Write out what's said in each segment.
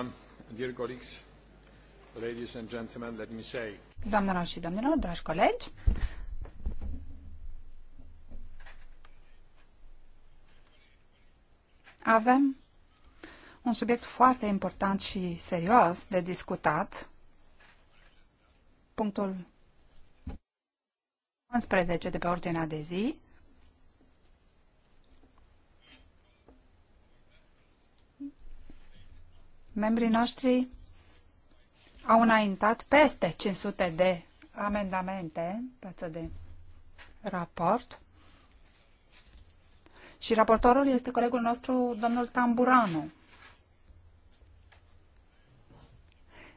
Um, dear colleagues, ladies and gentlemen, let me say. Doamnelor și domnilor, dragi colegi, avem un subiect foarte important și serios de discutat. Punctul 11 de pe ordinea de zi Membrii noștri au înaintat peste 500 de amendamente față de raport. Și raportorul este colegul nostru, domnul Tamburanu.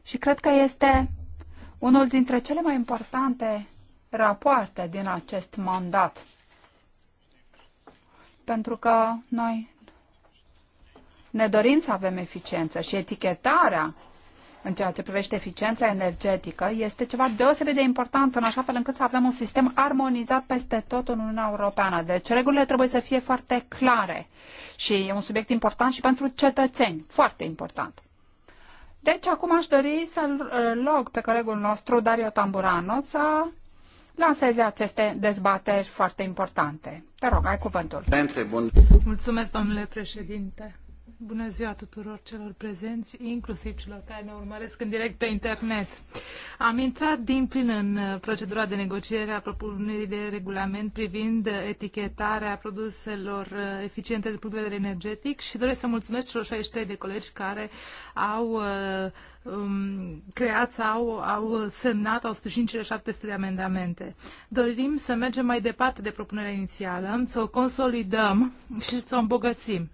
Și cred că este unul dintre cele mai importante rapoarte din acest mandat. Pentru că noi ne dorim să avem eficiență și etichetarea în ceea ce privește eficiența energetică este ceva deosebit de important în așa fel încât să avem un sistem armonizat peste tot în Uniunea Europeană. Deci regulile trebuie să fie foarte clare și e un subiect important și pentru cetățeni, foarte important. Deci acum aș dori să-l log uh, pe colegul nostru, Dario Tamburano, să lanseze aceste dezbateri foarte importante. Te rog, ai cuvântul. Mulțumesc, domnule președinte. Bună ziua tuturor celor prezenți, inclusiv celor care ne urmăresc în direct pe internet. Am intrat din plin în uh, procedura de negociere a propunerii de regulament privind etichetarea produselor uh, eficiente de punct de vedere energetic și doresc să mulțumesc celor 63 de colegi care au uh, um, creat sau au semnat, au sprijinit cele 700 de amendamente. Dorim să mergem mai departe de propunerea inițială, să o consolidăm și să o îmbogățim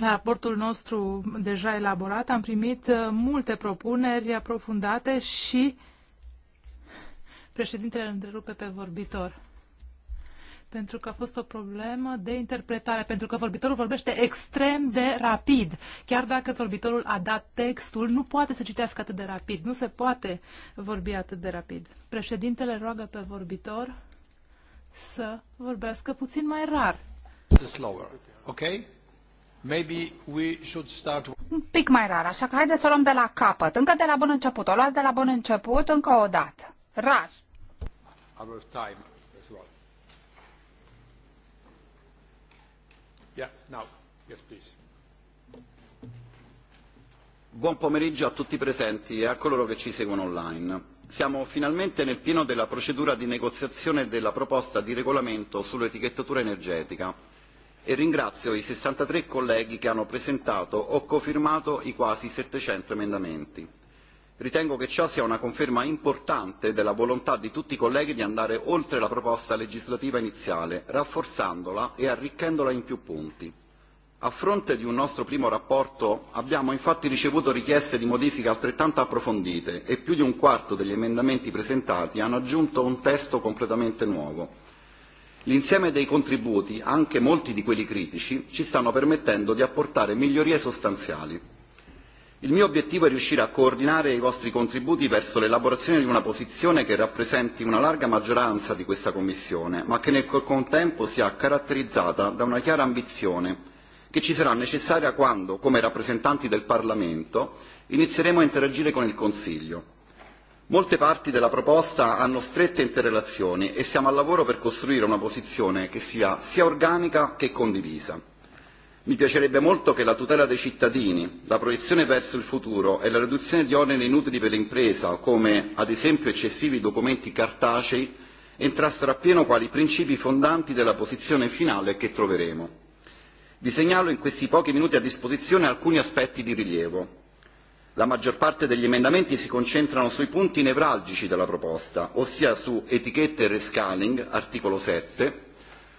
la raportul nostru deja elaborat am primit uh, multe propuneri aprofundate și președintele îl întrerupe pe vorbitor pentru că a fost o problemă de interpretare, pentru că vorbitorul vorbește extrem de rapid. Chiar dacă vorbitorul a dat textul, nu poate să citească atât de rapid, nu se poate vorbi atât de rapid. Președintele roagă pe vorbitor să vorbească puțin mai rar. Slower. Okay? Un pic mai rar, așa că haideți să o luăm de la capăt, încă de la bun început. O luați de la bun început încă o dată. Rar. Our time as well. Yeah, now. Yes, please. Buon pomeriggio a tutti presenti e a coloro che ci seguono online. Siamo finalmente nel pieno della procedura di negoziazione della proposta di regolamento sull'etichettatura energetica e ringrazio i 63 colleghi che hanno presentato o cofirmato i quasi 700 emendamenti. Ritengo che ciò sia una conferma importante della volontà di tutti i colleghi di andare oltre la proposta legislativa iniziale, rafforzandola e arricchendola in più punti. A fronte di un nostro primo rapporto abbiamo infatti ricevuto richieste di modifiche altrettanto approfondite e più di un quarto degli emendamenti presentati hanno aggiunto un testo completamente nuovo. L'insieme dei contributi, anche molti di quelli critici, ci stanno permettendo di apportare migliorie sostanziali. Il mio obiettivo è riuscire a coordinare i vostri contributi verso l'elaborazione di una posizione che rappresenti una larga maggioranza di questa Commissione, ma che nel contempo sia caratterizzata da una chiara ambizione che ci sarà necessaria quando, come rappresentanti del Parlamento, inizieremo a interagire con il Consiglio. Molte parti della proposta hanno strette interrelazioni e siamo al lavoro per costruire una posizione che sia sia organica che condivisa. Mi piacerebbe molto che la tutela dei cittadini, la proiezione verso il futuro e la riduzione di oneri inutili per l'impresa, come ad esempio eccessivi documenti cartacei, entrassero appieno quali principi fondanti della posizione finale che troveremo. Vi segnalo in questi pochi minuti a disposizione alcuni aspetti di rilievo. La maggior parte degli emendamenti si concentrano sui punti nevralgici della proposta, ossia su etichette e rescaling, articolo 7,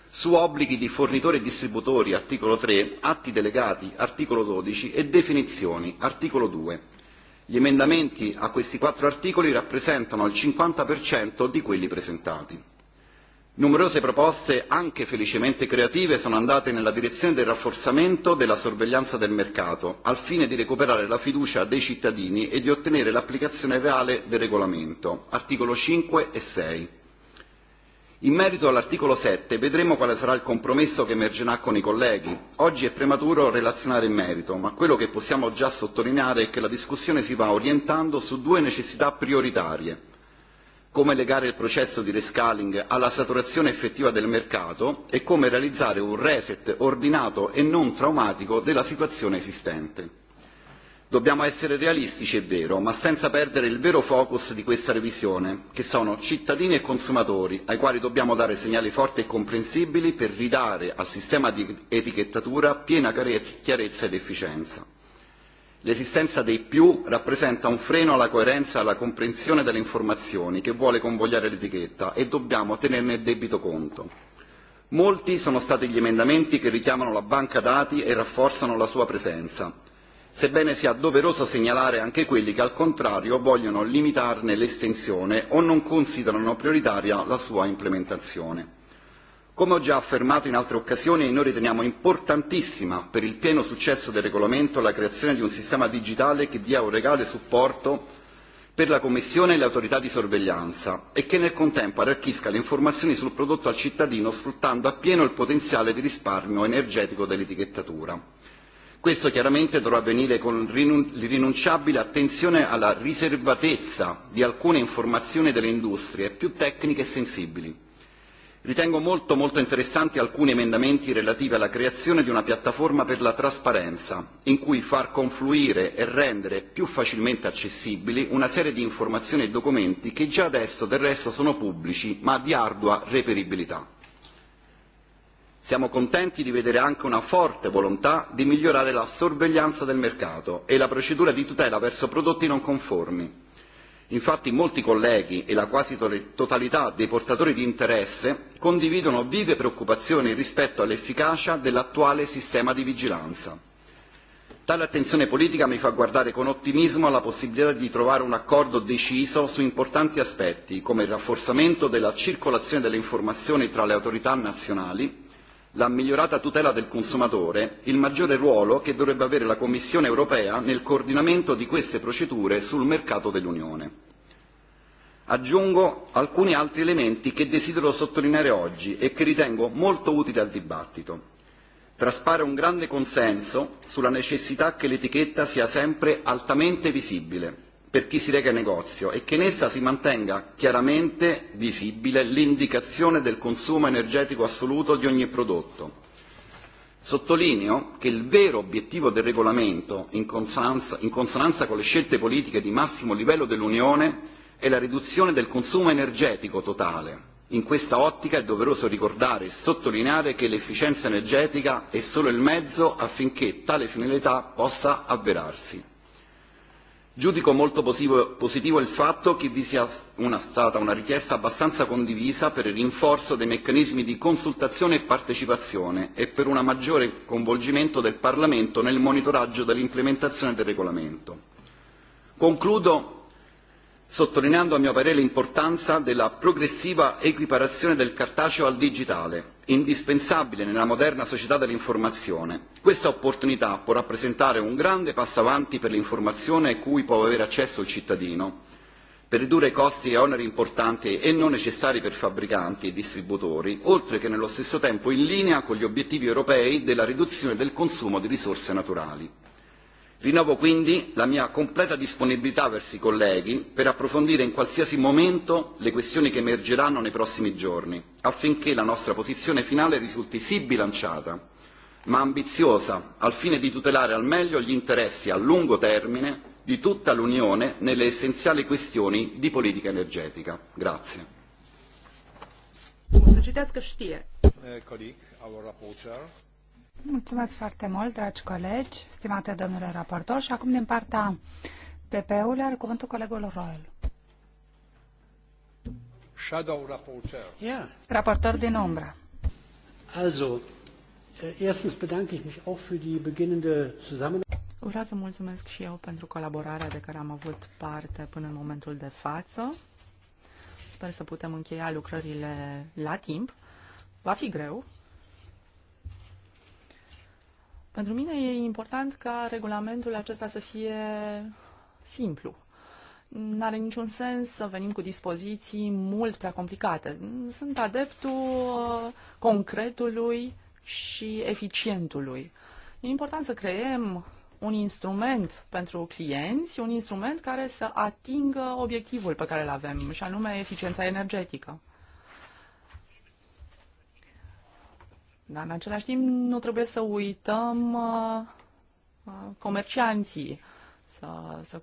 su obblighi di fornitori e distributori, articolo 3, atti delegati, articolo 12 e definizioni, articolo 2. Gli emendamenti a questi quattro articoli rappresentano il 50% di quelli presentati. Numerose proposte, anche felicemente creative, sono andate nella direzione del rafforzamento della sorveglianza del mercato, al fine di recuperare la fiducia dei cittadini e di ottenere l'applicazione reale del regolamento, articolo 5 e 6. In merito all'articolo 7 vedremo quale sarà il compromesso che emergerà con i colleghi. Oggi è prematuro relazionare in merito, ma quello che possiamo già sottolineare è che la discussione si va orientando su due necessità prioritarie come legare il processo di rescaling alla saturazione effettiva del mercato e come realizzare un reset ordinato e non traumatico della situazione esistente. Dobbiamo essere realistici, è vero, ma senza perdere il vero focus di questa revisione, che sono cittadini e consumatori, ai quali dobbiamo dare segnali forti e comprensibili per ridare al sistema di etichettatura piena chiarezza ed efficienza. L'esistenza dei più rappresenta un freno alla coerenza e alla comprensione delle informazioni che vuole convogliare l'etichetta e dobbiamo tenerne debito conto. Molti sono stati gli emendamenti che richiamano la banca dati e rafforzano la sua presenza, sebbene sia doveroso segnalare anche quelli che al contrario vogliono limitarne l'estensione o non considerano prioritaria la sua implementazione. Come ho già affermato in altre occasioni, noi riteniamo importantissima per il pieno successo del regolamento la creazione di un sistema digitale che dia un regale supporto per la Commissione e le autorità di sorveglianza e che nel contempo arricchisca le informazioni sul prodotto al cittadino sfruttando appieno il potenziale di risparmio energetico dell'etichettatura. Questo chiaramente dovrà avvenire con l'irrinunciabile attenzione alla riservatezza di alcune informazioni delle industrie più tecniche e sensibili Ritengo molto, molto interessanti alcuni emendamenti relativi alla creazione di una piattaforma per la trasparenza, in cui far confluire e rendere più facilmente accessibili una serie di informazioni e documenti che già adesso del resto sono pubblici, ma di ardua reperibilità. Siamo contenti di vedere anche una forte volontà di migliorare la sorveglianza del mercato e la procedura di tutela verso prodotti non conformi, Infatti molti colleghi e la quasi totalità dei portatori di interesse condividono vive preoccupazioni rispetto all'efficacia dell'attuale sistema di vigilanza. Tale attenzione politica mi fa guardare con ottimismo alla possibilità di trovare un accordo deciso su importanti aspetti come il rafforzamento della circolazione delle informazioni tra le autorità nazionali la migliorata tutela del consumatore, il maggiore ruolo che dovrebbe avere la Commissione europea nel coordinamento di queste procedure sul mercato dell'Unione. Aggiungo alcuni altri elementi che desidero sottolineare oggi e che ritengo molto utili al dibattito. Traspare un grande consenso sulla necessità che l'etichetta sia sempre altamente visibile per chi si reca in negozio e che in essa si mantenga chiaramente visibile l'indicazione del consumo energetico assoluto di ogni prodotto. Sottolineo che il vero obiettivo del regolamento, in consonanza, in consonanza con le scelte politiche di massimo livello dell'Unione, è la riduzione del consumo energetico totale. In questa ottica è doveroso ricordare e sottolineare che l'efficienza energetica è solo il mezzo affinché tale finalità possa avverarsi. Giudico molto positivo il fatto che vi sia una, stata una richiesta abbastanza condivisa per il rinforzo dei meccanismi di consultazione e partecipazione e per un maggiore coinvolgimento del Parlamento nel monitoraggio dell'implementazione del regolamento. Concludo sottolineando a mio parere l'importanza della progressiva equiparazione del cartaceo al digitale, indispensabile nella moderna società dell'informazione. Questa opportunità può rappresentare un grande passo avanti per l'informazione cui può avere accesso il cittadino, per ridurre costi e oneri importanti e non necessari per fabbricanti e distributori, oltre che nello stesso tempo in linea con gli obiettivi europei della riduzione del consumo di risorse naturali. Rinnovo quindi la mia completa disponibilità verso i colleghi per approfondire in qualsiasi momento le questioni che emergeranno nei prossimi giorni, affinché la nostra posizione finale risulti sì bilanciata, ma ambiziosa, al fine di tutelare al meglio gli interessi a lungo termine di tutta l'Unione nelle essenziali questioni di politica energetica. Grazie. Uh, colleague, our rapporteur. Mulțumesc foarte mult, dragi colegi, stimate domnule raportor. Și acum, din partea PP-ului, are cuvântul colegul Royal. Shadow Raporteur. Yeah. Raportor din umbră. Also, äh, erstens bedanke ich mich auch für die beginnende Zusammenarbeit. Vreau să mulțumesc și eu pentru colaborarea de care am avut parte până în momentul de față. Sper să putem încheia lucrările la timp. Va fi greu, pentru mine e important ca regulamentul acesta să fie simplu. N-are niciun sens să venim cu dispoziții mult prea complicate. Sunt adeptul uh, concretului și eficientului. E important să creem un instrument pentru clienți, un instrument care să atingă obiectivul pe care îl avem, și anume eficiența energetică. Dar în același timp nu trebuie să uităm uh, uh, comercianții, să, să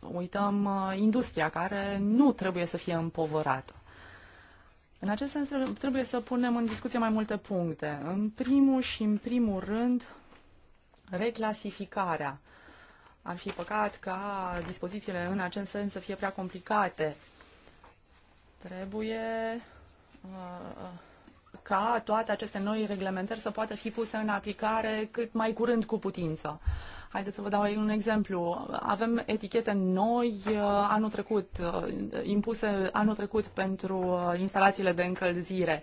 uităm uh, industria care nu trebuie să fie împovărată. În acest sens trebuie să punem în discuție mai multe puncte. În primul și în primul rând, reclasificarea. Ar fi păcat ca dispozițiile în acest sens să fie prea complicate. Trebuie uh, uh ca toate aceste noi reglementări să poată fi puse în aplicare cât mai curând cu putință. Haideți să vă dau un exemplu. Avem etichete noi uh, anul trecut, uh, impuse anul trecut pentru uh, instalațiile de încălzire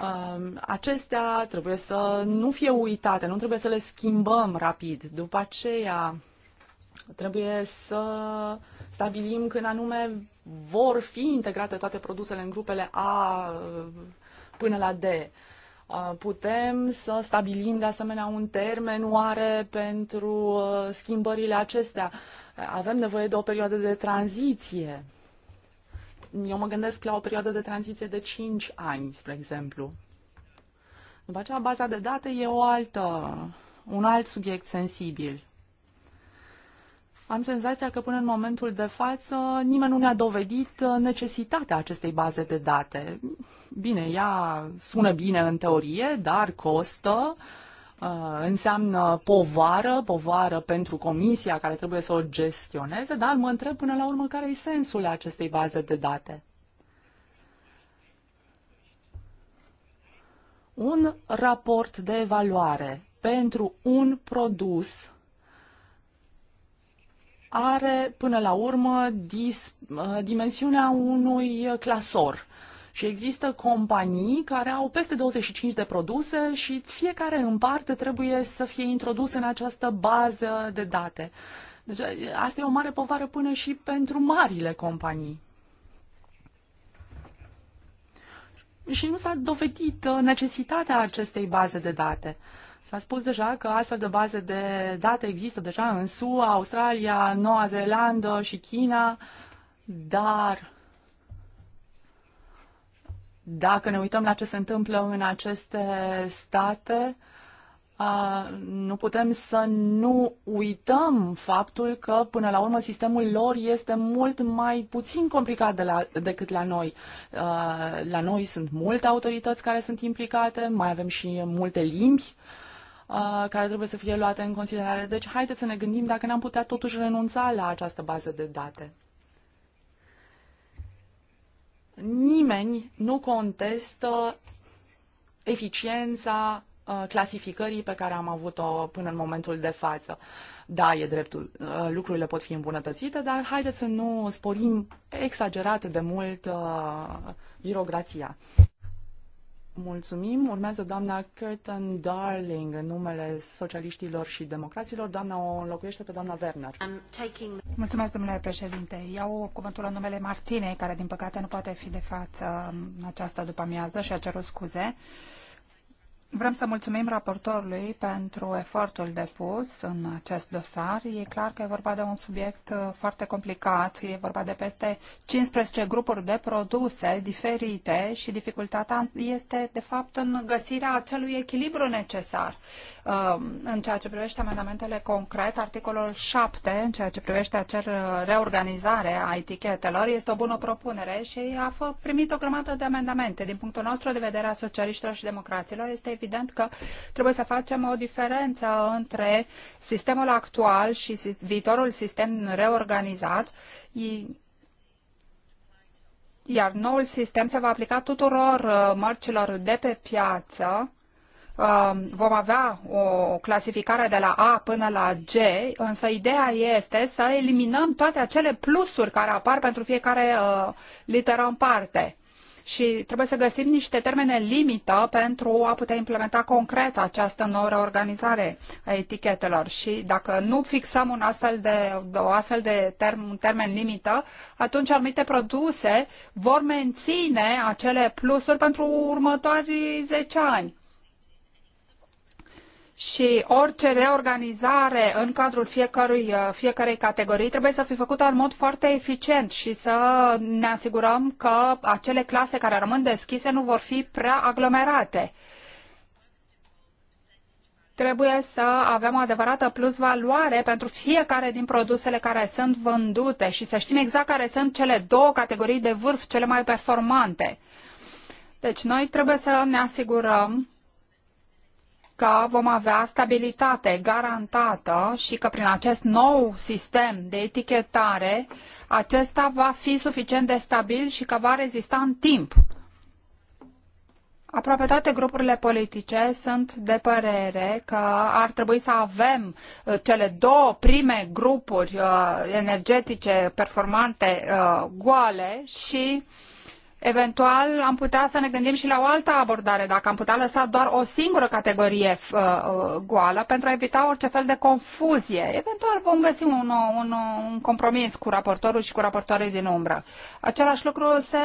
um, acestea trebuie să nu fie uitate, nu trebuie să le schimbăm rapid. După aceea trebuie să stabilim când anume vor fi integrate toate produsele în grupele A, până la D. Uh, putem să stabilim de asemenea un termen oare pentru uh, schimbările acestea. Avem nevoie de o perioadă de tranziție. Eu mă gândesc la o perioadă de tranziție de 5 ani, spre exemplu. După aceea, baza de date e o altă, un alt subiect sensibil. Am senzația că până în momentul de față nimeni nu ne-a dovedit uh, necesitatea acestei baze de date. Bine, ea sună bine în teorie, dar costă, uh, înseamnă povară, povară pentru comisia care trebuie să o gestioneze, dar mă întreb până la urmă care e sensul acestei baze de date. Un raport de evaluare pentru un produs are până la urmă dis, uh, dimensiunea unui clasor. Și există companii care au peste 25 de produse și fiecare în parte trebuie să fie introdus în această bază de date. Deci asta e o mare povară până și pentru marile companii. Și nu s-a dovedit uh, necesitatea acestei baze de date. Uh, S-a spus deja că astfel de baze de date există deja în SUA, Australia, Noua Zeelandă și China, dar dacă ne uităm la ce se întâmplă în aceste state, nu putem să nu uităm faptul că, până la urmă, sistemul lor este mult mai puțin complicat de la, decât la noi. La noi sunt multe autorități care sunt implicate, mai avem și multe limbi care trebuie să fie luate în considerare. Deci haideți să ne gândim dacă n-am putea totuși renunța la această bază de date. Nimeni nu contestă eficiența clasificării pe care am avut-o până în momentul de față. Da, e dreptul, lucrurile pot fi îmbunătățite, dar haideți să nu sporim exagerat de mult uh, birocrația. Mulțumim. Urmează doamna Curtin Darling în numele socialiștilor și democraților. Doamna o înlocuiește pe doamna Werner. Taking... Mulțumesc, domnule președinte. Iau cuvântul în numele Martinei, care din păcate nu poate fi de față în această după amiază și a cerut scuze. Uh, Vrem să mulțumim raportorului pentru efortul depus în acest dosar. E clar că e vorba de un subiect uh, foarte complicat. E vorba de peste 15 grupuri de produse diferite și dificultatea este, de fapt, în găsirea acelui echilibru necesar. Uh, în ceea ce privește amendamentele concret, articolul 7, în ceea ce privește acel uh, reorganizare a etichetelor, este o bună propunere și a fost primit o grămadă de amendamente. Din punctul nostru de vedere a socialiștilor și democraților, este evident evident că trebuie să facem o diferență între sistemul actual și viitorul sistem reorganizat. Iar noul sistem se va aplica tuturor uh, mărcilor de pe piață, um, vom avea o clasificare de la A până la G, însă ideea este să eliminăm toate acele plusuri care apar pentru fiecare uh, literă în parte și trebuie să găsim niște termene limită pentru a putea implementa concret această nouă reorganizare a etichetelor și dacă nu fixăm un astfel de, o astfel de term, un termen limită, atunci anumite produse vor menține acele plusuri pentru următorii 10 ani și orice reorganizare în cadrul fiecărui, uh, fiecarei categorii trebuie să fie făcută în mod foarte eficient și să ne asigurăm că acele clase care rămân deschise nu vor fi prea aglomerate. Trebuie să avem o adevărată plusvaloare pentru fiecare din produsele care sunt vândute și să știm exact care sunt cele două categorii de vârf cele mai performante. Deci noi trebuie să ne asigurăm că vom avea stabilitate garantată și că prin acest nou sistem de etichetare acesta va fi suficient de stabil și că va rezista în timp. Aproape toate grupurile politice sunt de părere că ar trebui să avem uh, cele două prime grupuri uh, energetice performante uh, goale și uh, Eventual am putea să ne gândim și la o altă abordare, dacă am putea lăsa doar o singură categorie uh, uh, goală pentru a evita orice fel de confuzie. Eventual vom găsi un, uh, un, uh, un compromis cu raportorul și cu raportoarea din umbră. Același lucru se,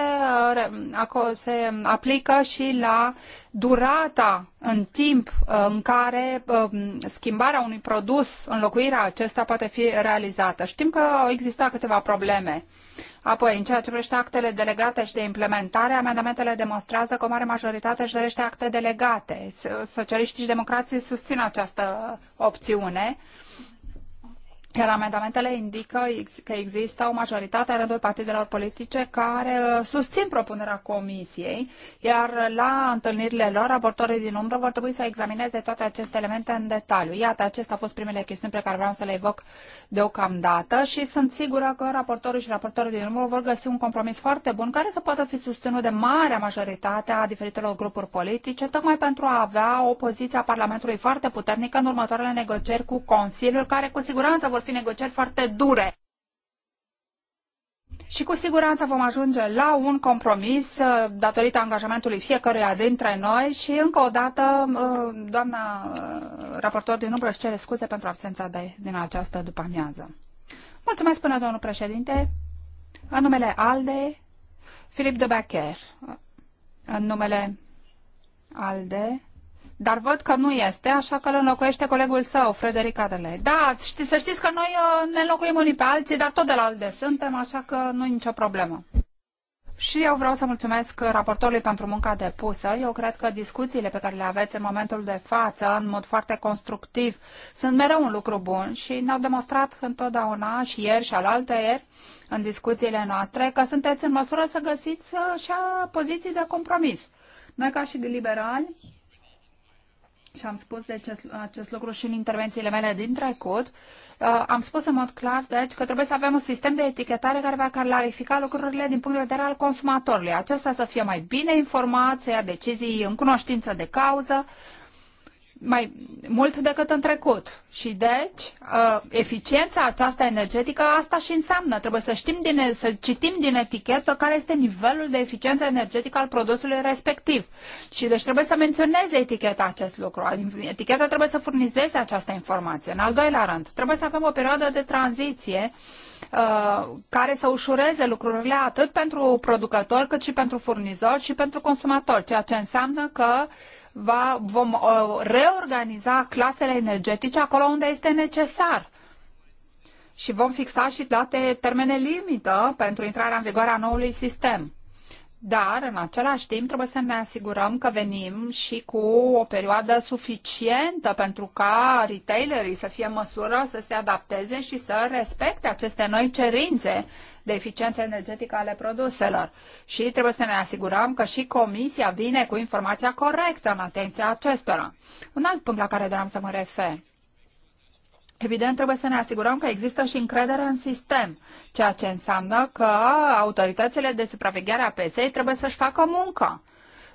uh, se aplică și la durata în timp în care um, schimbarea unui produs, înlocuirea acesta poate fi realizată. Știm că au existat câteva probleme. Apoi, în ceea ce privește actele delegate și de implementare, amendamentele demonstrează că o mare majoritate își dorește acte delegate. Socialiștii și democrații susțin această opțiune iar amendamentele indică că există o majoritate a rândul partidelor politice care uh, susțin propunerea comisiei, iar la întâlnirile lor, raportorii din umbră vor trebui să examineze toate aceste elemente în detaliu. Iată, acestea au fost primele chestiuni pe care vreau să le evoc deocamdată și sunt sigură că raportorii și raportorii din umbră vor găsi un compromis foarte bun care să poată fi susținut de marea majoritate a diferitelor grupuri politice, tocmai pentru a avea o poziție a Parlamentului foarte puternică în următoarele negocieri cu Consiliul, care cu siguranță vor fi fi negocieri foarte dure. Și cu siguranță vom ajunge la un compromis uh, datorită angajamentului fiecăruia dintre noi și încă o dată uh, doamna uh, raportor din umbră își cere scuze pentru absența de, din această după amiază. Mulțumesc până domnul președinte. În numele ALDE, Filip de Becker. În numele ALDE, dar văd că nu este, așa că îl înlocuiește colegul său, Frederic Adele. Da, ști, să știți că noi uh, ne înlocuim unii pe alții, dar tot de la ALDE suntem, așa că nu e nicio problemă. Și eu vreau să mulțumesc raportorului pentru munca depusă. Eu cred că discuțiile pe care le aveți în momentul de față, în mod foarte constructiv, sunt mereu un lucru bun și ne-au demonstrat întotdeauna și ieri și alaltă ieri în discuțiile noastre că sunteți în măsură să găsiți uh, și poziții de compromis. Noi ca și liberali și am spus de acest, acest lucru și în intervențiile mele din trecut, uh, am spus în mod clar, deci, că trebuie să avem un sistem de etichetare care va clarifica lucrurile din punct de vedere al consumatorului. Acesta să fie mai bine informat, să ia decizii în cunoștință de cauză, mai mult decât în trecut. Și deci, uh, eficiența aceasta energetică, asta și înseamnă. Trebuie să știm din, să citim din etichetă care este nivelul de eficiență energetică al produsului respectiv. Și deci trebuie să menționeze eticheta acest lucru. Adică, eticheta trebuie să furnizeze această informație. În al doilea rând, trebuie să avem o perioadă de tranziție uh, care să ușureze lucrurile atât pentru producător cât și pentru furnizor și pentru consumator, ceea ce înseamnă că uh, va, vom uh, reorganiza clasele energetice acolo unde este necesar. Și vom fixa și date termene limită pentru intrarea în vigoare a noului sistem dar în același timp trebuie să ne asigurăm că venim și cu o perioadă suficientă pentru ca retailerii să fie în măsură să se adapteze și să respecte aceste noi cerințe de eficiență energetică ale produselor. Și trebuie să ne asigurăm că și comisia vine cu informația corectă în atenția acestora. Un alt punct la care doream să mă refer Evident, trebuie să ne asigurăm că există și încredere în sistem, ceea ce înseamnă că autoritățile de supraveghere a pieței trebuie să-și facă munca.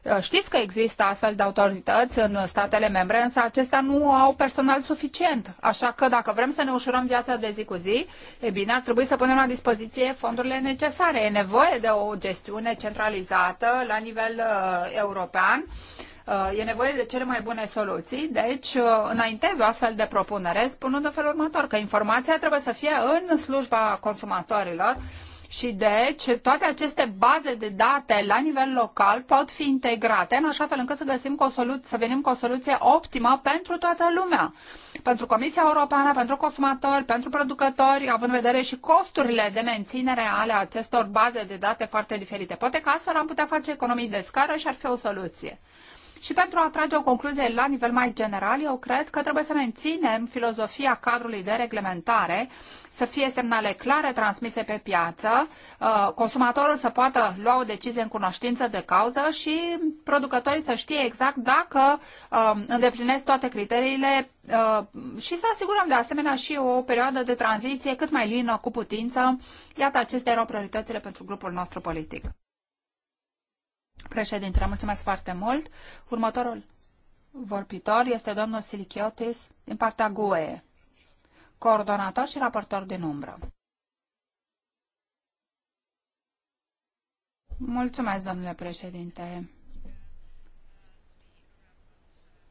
Uh, știți că există astfel de autorități în statele membre, însă acestea nu au personal suficient. Așa că dacă vrem să ne ușurăm viața de zi cu zi, e bine, ar trebui să punem la dispoziție fondurile necesare. E nevoie de o gestiune centralizată la nivel uh, european Uh, e nevoie de cele mai bune soluții, deci uh, înaintez o astfel de propunere spunând în felul următor, că informația trebuie să fie în slujba consumatorilor și deci toate aceste baze de date la nivel local pot fi integrate în așa fel încât să găsim o soluție, să venim cu o soluție optimă pentru toată lumea. Pentru Comisia Europeană, pentru consumatori, pentru producători, având în vedere și costurile de menținere ale acestor baze de date foarte diferite. Poate că astfel am putea face economii de scară și ar fi o soluție. Și pentru a trage o concluzie la nivel mai general, eu cred că trebuie să menținem filozofia cadrului de reglementare, să fie semnale clare transmise pe piață, uh, consumatorul să poată lua o decizie în cunoștință de cauză și producătorii să știe exact dacă um, îndeplinesc toate criteriile uh, și să asigurăm de asemenea și o perioadă de tranziție cât mai lină cu putință. Iată, acestea erau prioritățile pentru grupul nostru politic. Președintele, mulțumesc foarte mult. Următorul vorbitor este domnul Silichiotis din partea GUE, coordonator și raportor din umbră. Mulțumesc, domnule președinte.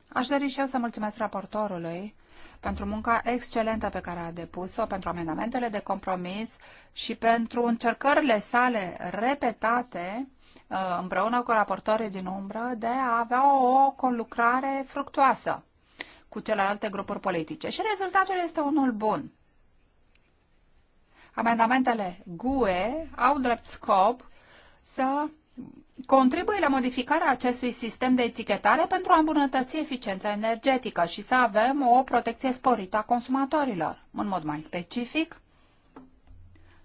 Aș dori și eu să mulțumesc raportorului pentru munca excelentă pe care a depus-o, pentru amendamentele de compromis și pentru încercările sale repetate Uh, împreună cu raportorii din umbră de a avea o conlucrare fructuoasă cu celelalte grupuri politice. Și rezultatul este unul bun. Amendamentele GUE au drept scop să contribuie la modificarea acestui sistem de etichetare pentru a îmbunătăți eficiența energetică și să avem o protecție sporită a consumatorilor. În mod mai specific,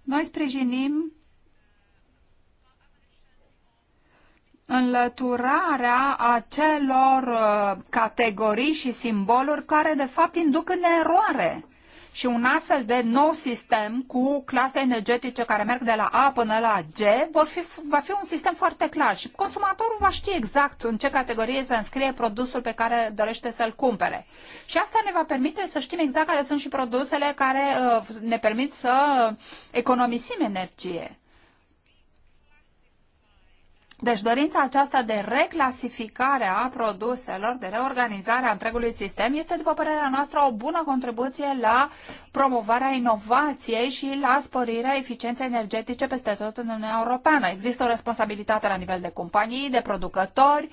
noi sprijinim înlăturarea acelor uh, categorii și simboluri care de fapt induc în eroare. Și un astfel de nou sistem cu clase energetice care merg de la A până la G vor fi, va fi un sistem foarte clar și consumatorul va ști exact în ce categorie se înscrie produsul pe care dorește să-l cumpere. Și asta ne va permite să știm exact care sunt și produsele care uh, ne permit să economisim energie. Deci dorința aceasta de reclasificare a produselor, de reorganizare a întregului sistem, este, după părerea noastră, o bună contribuție la promovarea inovației și la sporirea eficienței energetice peste tot în Uniunea Europeană. Există o responsabilitate la nivel de companii, de producători,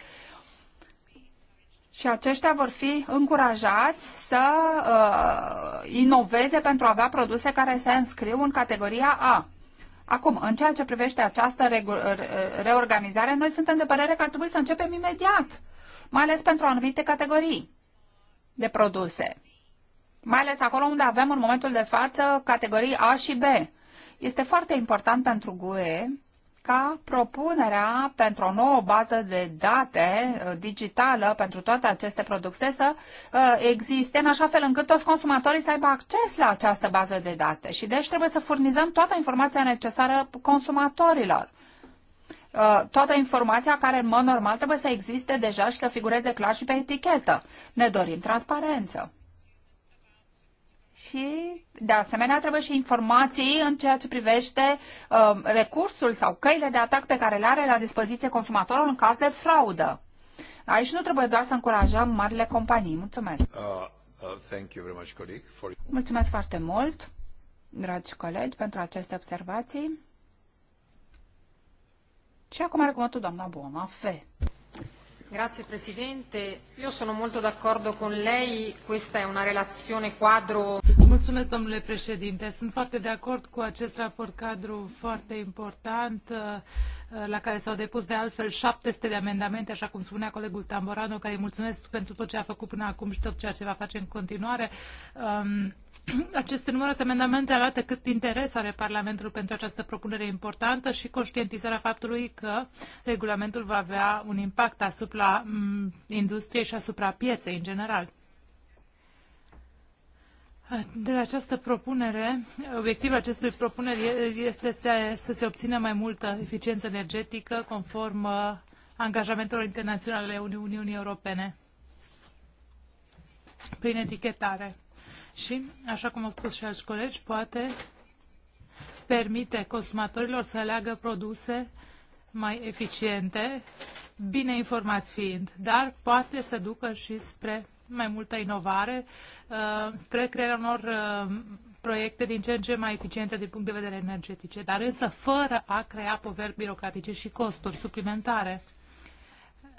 și aceștia vor fi încurajați să uh, inoveze pentru a avea produse care se înscriu în categoria A. Acum, în ceea ce privește această reorganizare, noi suntem de părere că ar trebui să începem imediat, mai ales pentru anumite categorii de produse, mai ales acolo unde avem în momentul de față categorii A și B. Este foarte important pentru GUE ca propunerea pentru o nouă bază de date uh, digitală pentru toate aceste produse să uh, existe în așa fel încât toți consumatorii să aibă acces la această bază de date. Și deci trebuie să furnizăm toată informația necesară consumatorilor uh, toată informația care în mod normal trebuie să existe deja și să figureze clar și pe etichetă. Ne dorim transparență și, de asemenea, trebuie și informații în ceea ce privește uh, recursul sau căile de atac pe care le are la dispoziție consumatorul în caz de fraudă. Aici nu trebuie doar să încurajăm marile companii. Mulțumesc! Uh, uh, thank you very much, colleague, for... Mulțumesc foarte mult, dragi colegi, pentru aceste observații. Și acum are cuvântul doamna Boma, Fe. Grazie Presidente, io sono molto d'accordo con lei, questa è una relazione quadro. Mulțumesc domnule președinte, sunt foarte de acord cu acest raport cadru foarte important uh, la care s-au depus de altfel 700 de amendamente, așa cum spunea colegul Tamborano, care îi mulțumesc pentru tot ce a făcut până acum și tot ceea ce va face în continuare. Um, Aceste numeroase amendamente arată cât interes are Parlamentul pentru această propunere importantă și conștientizarea faptului că regulamentul va avea un impact asupra mm, industriei și asupra pieței în general. De la această propunere, obiectivul acestui propuneri este să se obțină mai multă eficiență energetică conform uh, angajamentelor internaționale ale Uniunii Europene prin etichetare și, așa cum au spus și alți colegi, poate permite consumatorilor să aleagă produse mai eficiente, bine informați fiind, dar poate să ducă și spre mai multă inovare, uh, spre crearea unor uh, proiecte din ce în ce mai eficiente din punct de vedere energetice, dar însă fără a crea poveri birocratice și costuri suplimentare.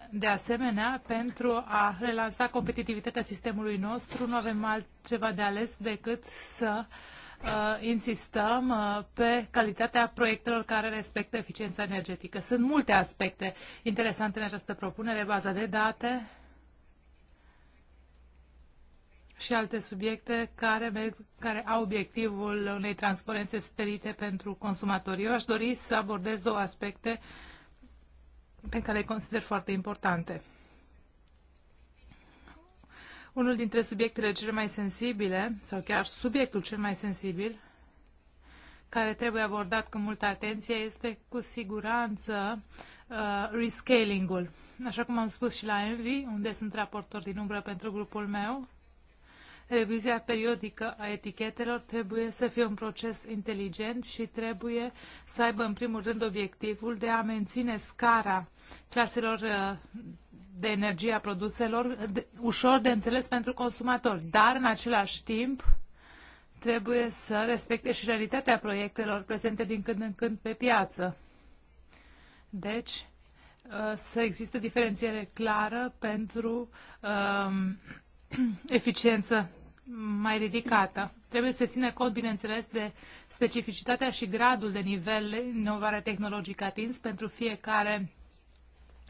De asemenea, pentru a relansa competitivitatea sistemului nostru, nu avem altceva de ales decât să uh, insistăm uh, pe calitatea proiectelor care respectă eficiența energetică. Sunt multe aspecte interesante în această propunere, baza de date și alte subiecte care, merg, care au obiectivul unei transparențe spărite pentru consumatori. Eu aș dori să abordez două aspecte uh, pe care le consider foarte importante. Unul dintre subiectele cele mai sensibile, sau chiar subiectul cel mai sensibil, care trebuie abordat cu multă atenție, este cu siguranță uh, rescaling-ul. Așa cum am spus și la Envy, unde sunt raportor din umbră pentru grupul meu, Revizia periodică a etichetelor trebuie să fie un proces inteligent și trebuie să aibă în primul rând obiectivul de a menține scara claselor uh, de energie a produselor ușor de înțeles pentru consumatori, dar în același timp trebuie să respecte și realitatea proiectelor prezente din când în când pe piață. Deci, uh, să existe diferențiere clară pentru um, eficiență mai ridicată. Trebuie să ține cont, bineînțeles, de specificitatea și gradul de nivel inovare tehnologică atins pentru fiecare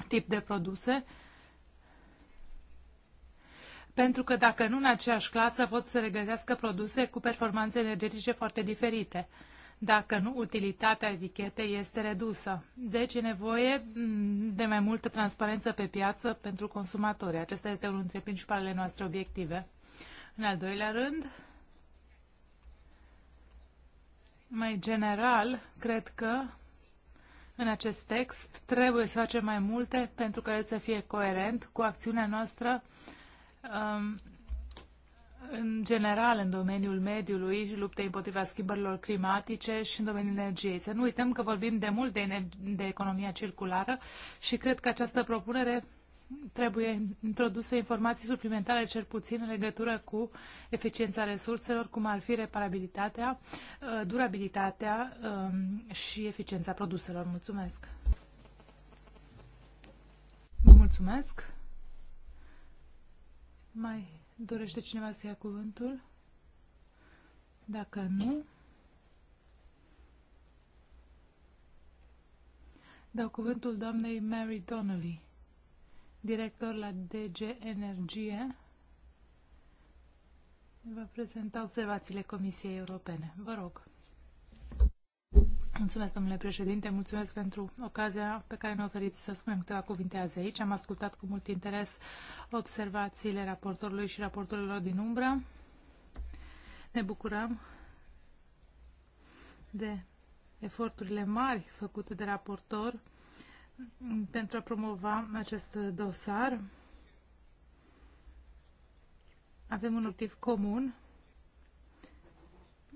tip de produse. Pentru că dacă nu în aceeași clasă pot să regăsească produse cu performanțe energetice foarte diferite dacă nu utilitatea etichetei este redusă. Deci e nevoie mm, de mai multă transparență pe piață pentru consumatori. Acesta este unul dintre principalele noastre obiective. În al doilea rând, mai general, cred că în acest text trebuie să facem mai multe pentru că el să fie coerent cu acțiunea noastră um, în general în domeniul mediului și luptei împotriva schimbărilor climatice și în domeniul energiei. Să nu uităm că vorbim de mult de, de economia circulară și cred că această propunere trebuie introduse informații suplimentare, cel puțin în legătură cu eficiența resurselor, cum ar fi reparabilitatea, uh, durabilitatea um, și eficiența produselor. Mulțumesc! mulțumesc! Mai dorește cineva să ia cuvântul? Dacă nu... Dau cuvântul doamnei Mary Donnelly director la DG Energie, va prezenta observațiile Comisiei Europene. Vă rog. Mulțumesc, domnule președinte, mulțumesc pentru ocazia pe care ne oferiți să spunem câteva cuvinte azi aici. Am ascultat cu mult interes observațiile raportorului și raportorilor din umbră. Ne bucurăm de eforturile mari făcute de raportor pentru a promova acest dosar. Avem un obiectiv comun.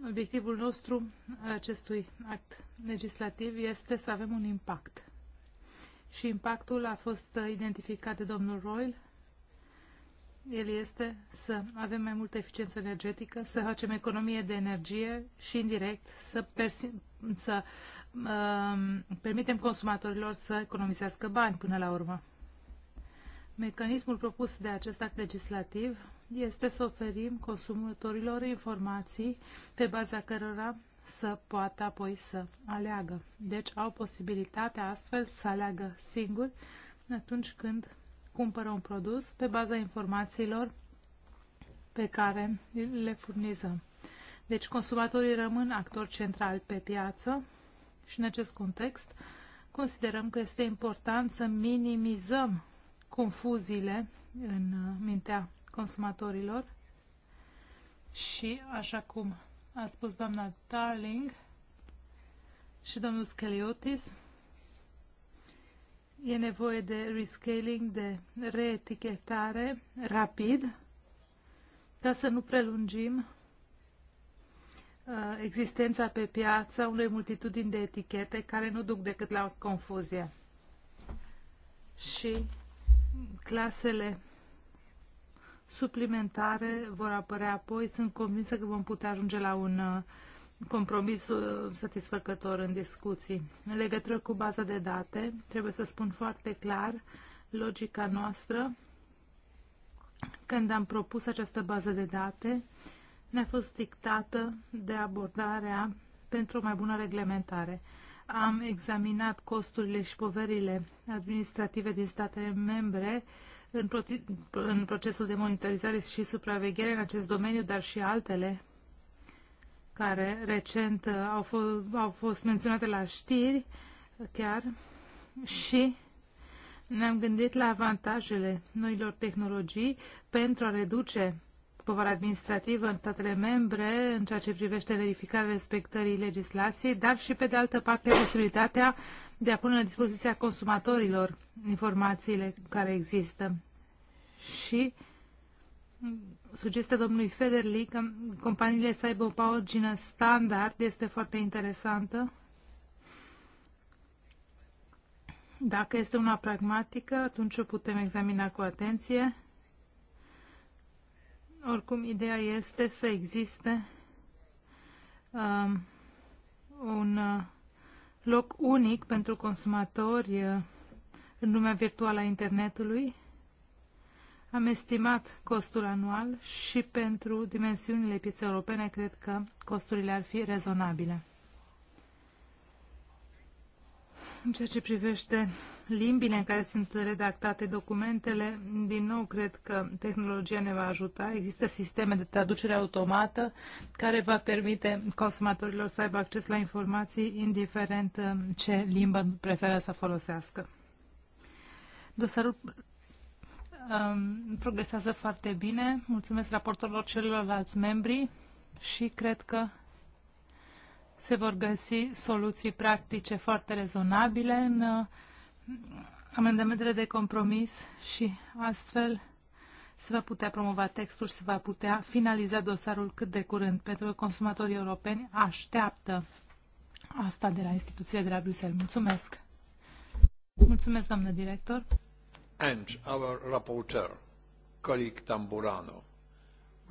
Obiectivul nostru al acestui act legislativ este să avem un impact. Și impactul a fost identificat de domnul Royle. El este să avem mai multă eficiență energetică, să facem economie de energie și indirect să, să Um, permitem consumatorilor să economisească bani până la urmă. Mecanismul propus de acest act legislativ este să oferim consumatorilor informații pe baza cărora să poată apoi să aleagă. Deci au posibilitatea astfel să aleagă singuri atunci când cumpără un produs pe baza informațiilor pe care le furnizăm. Deci consumatorii rămân actor central pe piață și în acest context considerăm că este important să minimizăm confuziile în uh, mintea consumatorilor și, așa cum a spus doamna Darling și domnul Skeliotis, e nevoie de rescaling, de reetichetare rapid, ca să nu prelungim Uh, existența pe piață unei multitudini de etichete care nu duc decât la confuzie. Și clasele suplimentare vor apărea apoi. Sunt convinsă că vom putea ajunge la un uh, compromis uh, satisfăcător în discuții. În legătură cu baza de date, trebuie să spun foarte clar logica noastră când am propus această bază de date ne-a fost dictată de abordarea pentru o mai bună reglementare. Am examinat costurile și poverile administrative din statele membre în, pro în procesul de monitorizare și supraveghere în acest domeniu, dar și altele care recent au, au fost menționate la știri chiar și ne-am gândit la avantajele noilor tehnologii pentru a reduce povara administrativă în statele membre în ceea ce privește verificarea respectării legislației, dar și, pe de altă parte, posibilitatea de a pune la dispoziția consumatorilor informațiile care există. Și sugestia domnului Federli că companiile să aibă o pagină standard este foarte interesantă. Dacă este una pragmatică, atunci o putem examina cu atenție. Oricum, ideea este să existe um, un uh, loc unic pentru consumatori uh, în lumea virtuală a internetului. Am estimat costul anual și pentru dimensiunile pieței europene cred că costurile ar fi rezonabile. În ceea ce privește limbile în care sunt redactate documentele, din nou cred că tehnologia ne va ajuta. Există sisteme de traducere automată care va permite consumatorilor să aibă acces la informații indiferent uh, ce limbă preferă să folosească. Dosarul um, progresează foarte bine. Mulțumesc raportorilor celorlalți membri și cred că se vor găsi soluții practice foarte rezonabile în uh, amendamentele de compromis și astfel se va putea promova textul și se va putea finaliza dosarul cât de curând, pentru că consumatorii europeni așteaptă asta de la instituția de la Bruxelles. Mulțumesc! Mulțumesc, doamnă director! And our rapporteur, colleague Tamburano,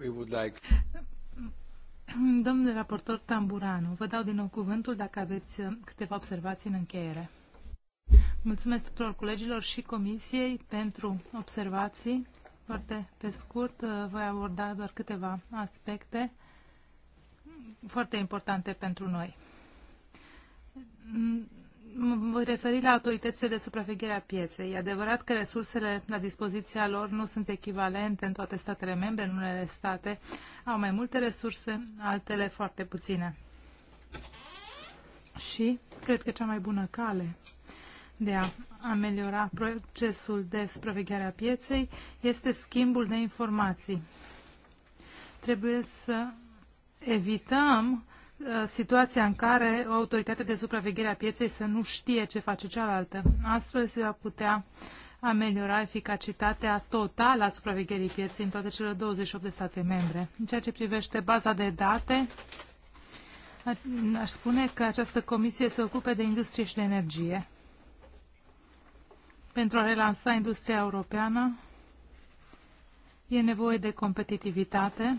we would like... Domnule raportor Tamburano, vă dau din nou cuvântul dacă aveți câteva observații în încheiere. Mulțumesc tuturor colegilor și comisiei pentru observații. Foarte pe scurt, uh, voi aborda doar câteva aspecte foarte importante pentru noi. Mă voi referi la autoritățile de supraveghere a pieței. E adevărat că resursele la dispoziția lor nu sunt echivalente în toate statele membre. În unele state au mai multe resurse, altele foarte puține. Și cred că cea mai bună cale de a ameliora procesul de supraveghere a pieței este schimbul de informații. Trebuie să evităm uh, situația în care o autoritate de supraveghere a pieței să nu știe ce face cealaltă. Astfel se va putea ameliora eficacitatea totală a supravegherii pieței în toate cele 28 de state membre. În ceea ce privește baza de date, aș spune că această comisie se ocupe de industrie și de energie. Pentru a relansa industria europeană e nevoie de competitivitate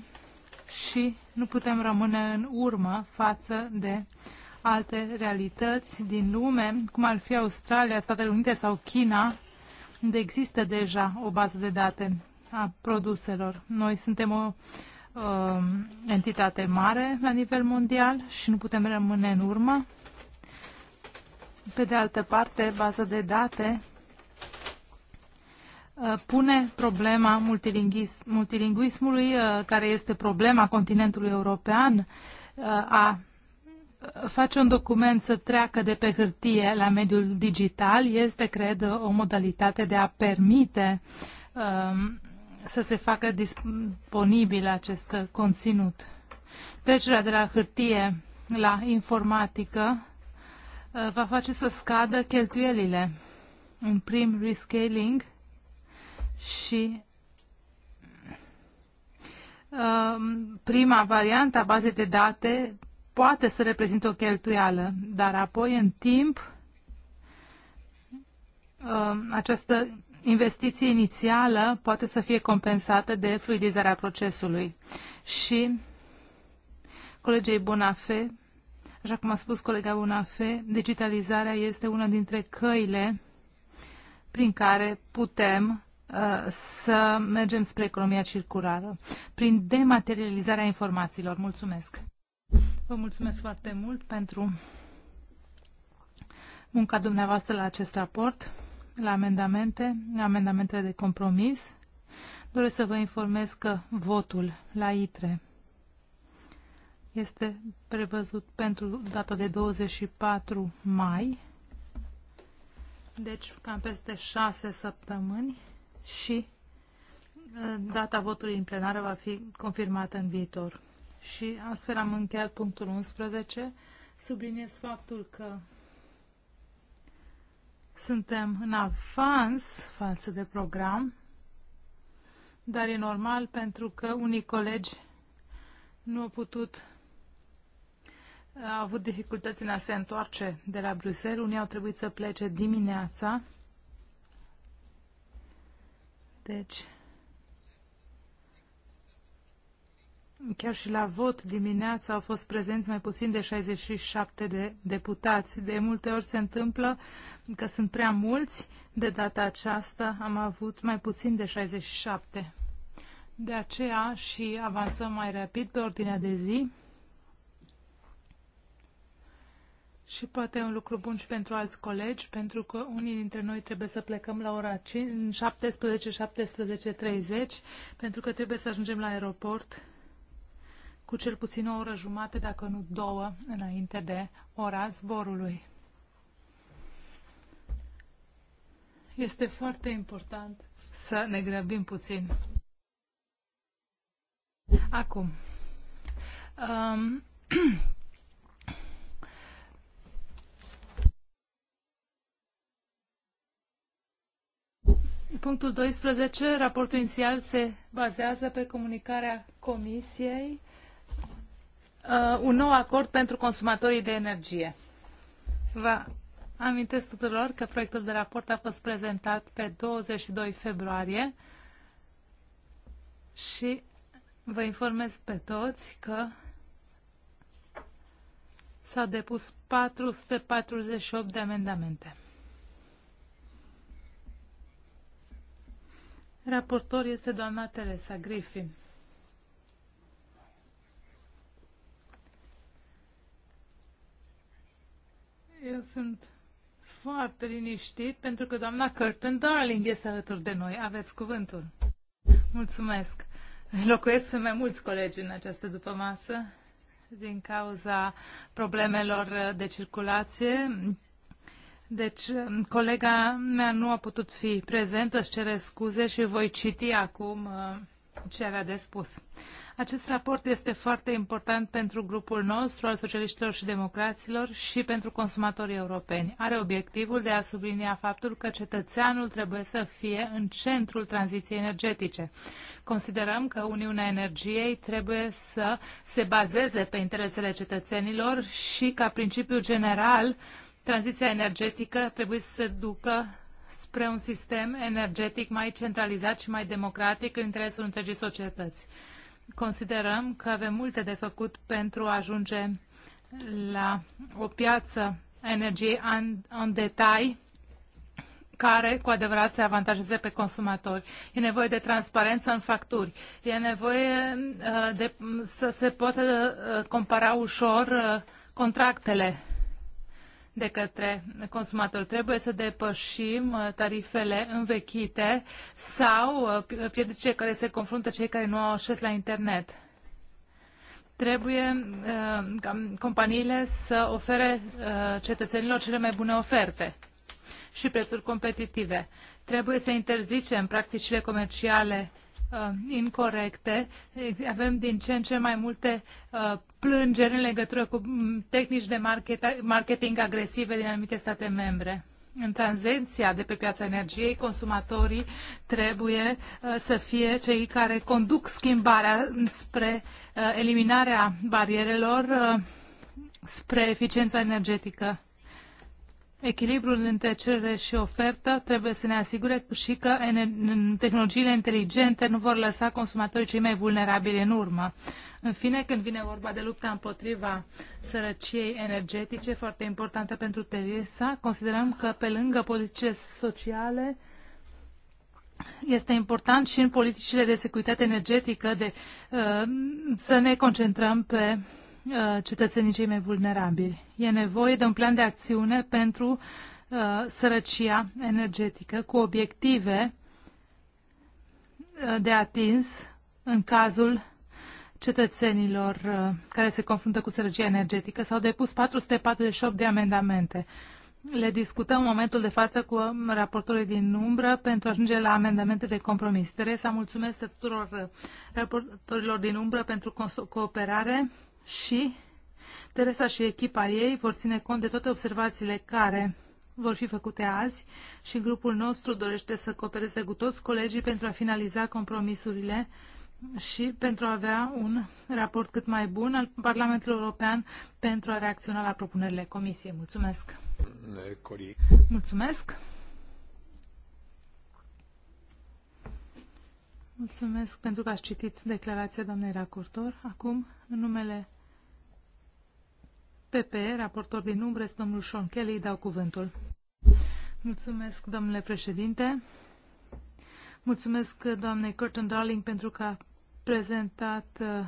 și nu putem rămâne în urmă față de alte realități din lume, cum ar fi Australia, Statele Unite sau China, unde există deja o bază de date a produselor. Noi suntem o uh, entitate mare la nivel mondial și nu putem rămâne în urmă. Pe de altă parte, baza de date Uh, pune problema multilingvismului, uh, care este problema continentului european, uh, a face un document să treacă de pe hârtie la mediul digital este, cred, o modalitate de a permite um, să se facă disponibil acest conținut. Trecerea de la hârtie la informatică va face să scadă cheltuielile. Un prim rescaling și um, prima variantă a bazei de date poate să reprezinte o cheltuială, dar apoi în timp um, această investiție inițială poate să fie compensată de fluidizarea procesului. Și colegei Bonafe, așa cum a spus colega Bonafe, digitalizarea este una dintre căile prin care putem să mergem spre economia circulară, prin dematerializarea informațiilor. Mulțumesc! Vă mulțumesc foarte mult pentru munca dumneavoastră la acest raport, la amendamente, la amendamentele de compromis. Doresc să vă informez că votul la ITRE este prevăzut pentru data de 24 mai, deci cam peste 6 săptămâni și uh, data votului în plenară va fi confirmată în viitor. Și astfel am încheiat punctul 11. Subliniez faptul că suntem în avans față de program, dar e normal pentru că unii colegi nu au putut au avut dificultăți în a se întoarce de la Bruxelles. Unii au trebuit să plece dimineața deci, chiar și la vot dimineața au fost prezenți mai puțin de 67 de deputați. De multe ori se întâmplă că sunt prea mulți. De data aceasta am avut mai puțin de 67. De aceea și avansăm mai rapid pe ordinea de zi. și poate un lucru bun și pentru alți colegi, pentru că unii dintre noi trebuie să plecăm la ora 17, 17.30, pentru că trebuie să ajungem la aeroport cu cel puțin o oră jumate, dacă nu două, înainte de ora zborului. Este foarte important să ne grăbim puțin. Acum, um, Punctul 12. Raportul inițial se bazează pe comunicarea Comisiei uh, un nou acord pentru consumatorii de energie. Va Amintesc tuturor că proiectul de raport a fost prezentat pe 22 februarie și vă informez pe toți că s-au depus 448 de amendamente. Raportor este doamna Teresa Griffin. Eu sunt foarte liniștit pentru că doamna Curtin Darling este alături de noi. Aveți cuvântul. Mulțumesc. Locuiesc pe mai mulți colegi în această dupămasă din cauza problemelor de circulație deci, um, colega mea nu a putut fi prezentă, își cere scuze și voi citi acum uh, ce avea de spus. Acest raport este foarte important pentru grupul nostru al socialiștilor și democraților și pentru consumatorii europeni. Are obiectivul de a sublinia faptul că cetățeanul trebuie să fie în centrul tranziției energetice. Considerăm că Uniunea Energiei trebuie să se bazeze pe interesele cetățenilor și ca principiu general tranziția energetică trebuie să ducă spre un sistem energetic mai centralizat și mai democratic în interesul întregii societăți. Considerăm că avem multe de făcut pentru a ajunge la o piață a energiei în, în detai care cu adevărat se avantajeze pe consumatori. E nevoie de transparență în facturi. E nevoie uh, de, să se poată uh, compara ușor uh, contractele de către consumator. Trebuie să depășim uh, tarifele învechite sau uh, uh, piedice care se confruntă cei care nu au acces la internet. Trebuie uh, companiile să ofere uh, cetățenilor cele mai bune oferte și prețuri competitive. Trebuie să interzicem practicile comerciale uh, incorrecte. Avem din ce în ce mai multe uh, plângeri în legătură cu mm, tehnici de market, marketing agresive din anumite state membre. În tranzenția de pe piața energiei, consumatorii trebuie uh, să fie cei care conduc schimbarea spre uh, eliminarea barierelor, uh, spre eficiența energetică echilibrul între cerere și ofertă trebuie să ne asigure și că tehnologiile inteligente nu vor lăsa consumatorii cei mai vulnerabili în urmă. În fine, când vine vorba de lupta împotriva sărăciei energetice, foarte importantă pentru Teresa, considerăm că pe lângă politicile sociale este important și în politicile de securitate energetică de, uh, să ne concentrăm pe Uh, cetățenii cei mai vulnerabili. E nevoie de un plan de acțiune pentru uh, sărăcia energetică cu obiective uh, de atins în cazul cetățenilor care se confruntă cu sărăcia energetică. S-au depus 448 de amendamente. Le discutăm în momentul de față cu raportorii din umbră pentru a ajunge la amendamente de compromis. Teresa, mulțumesc tuturor raportorilor din umbră pentru cooperare și Teresa și echipa ei vor ține cont de toate observațiile care vor fi făcute azi și grupul nostru dorește să coopereze cu toți colegii pentru a finaliza compromisurile și pentru a avea un raport cât mai bun al Parlamentului European pentru a reacționa la propunerile Comisiei. Mulțumesc! Mulțumesc! Mulțumesc pentru că ați citit declarația doamnei raportor. Acum, în numele PP, raportor din umbră, domnul Sean Kelly, dau cuvântul. Mulțumesc, domnule președinte. Mulțumesc, doamnei Curtin Darling, pentru că a prezentat uh,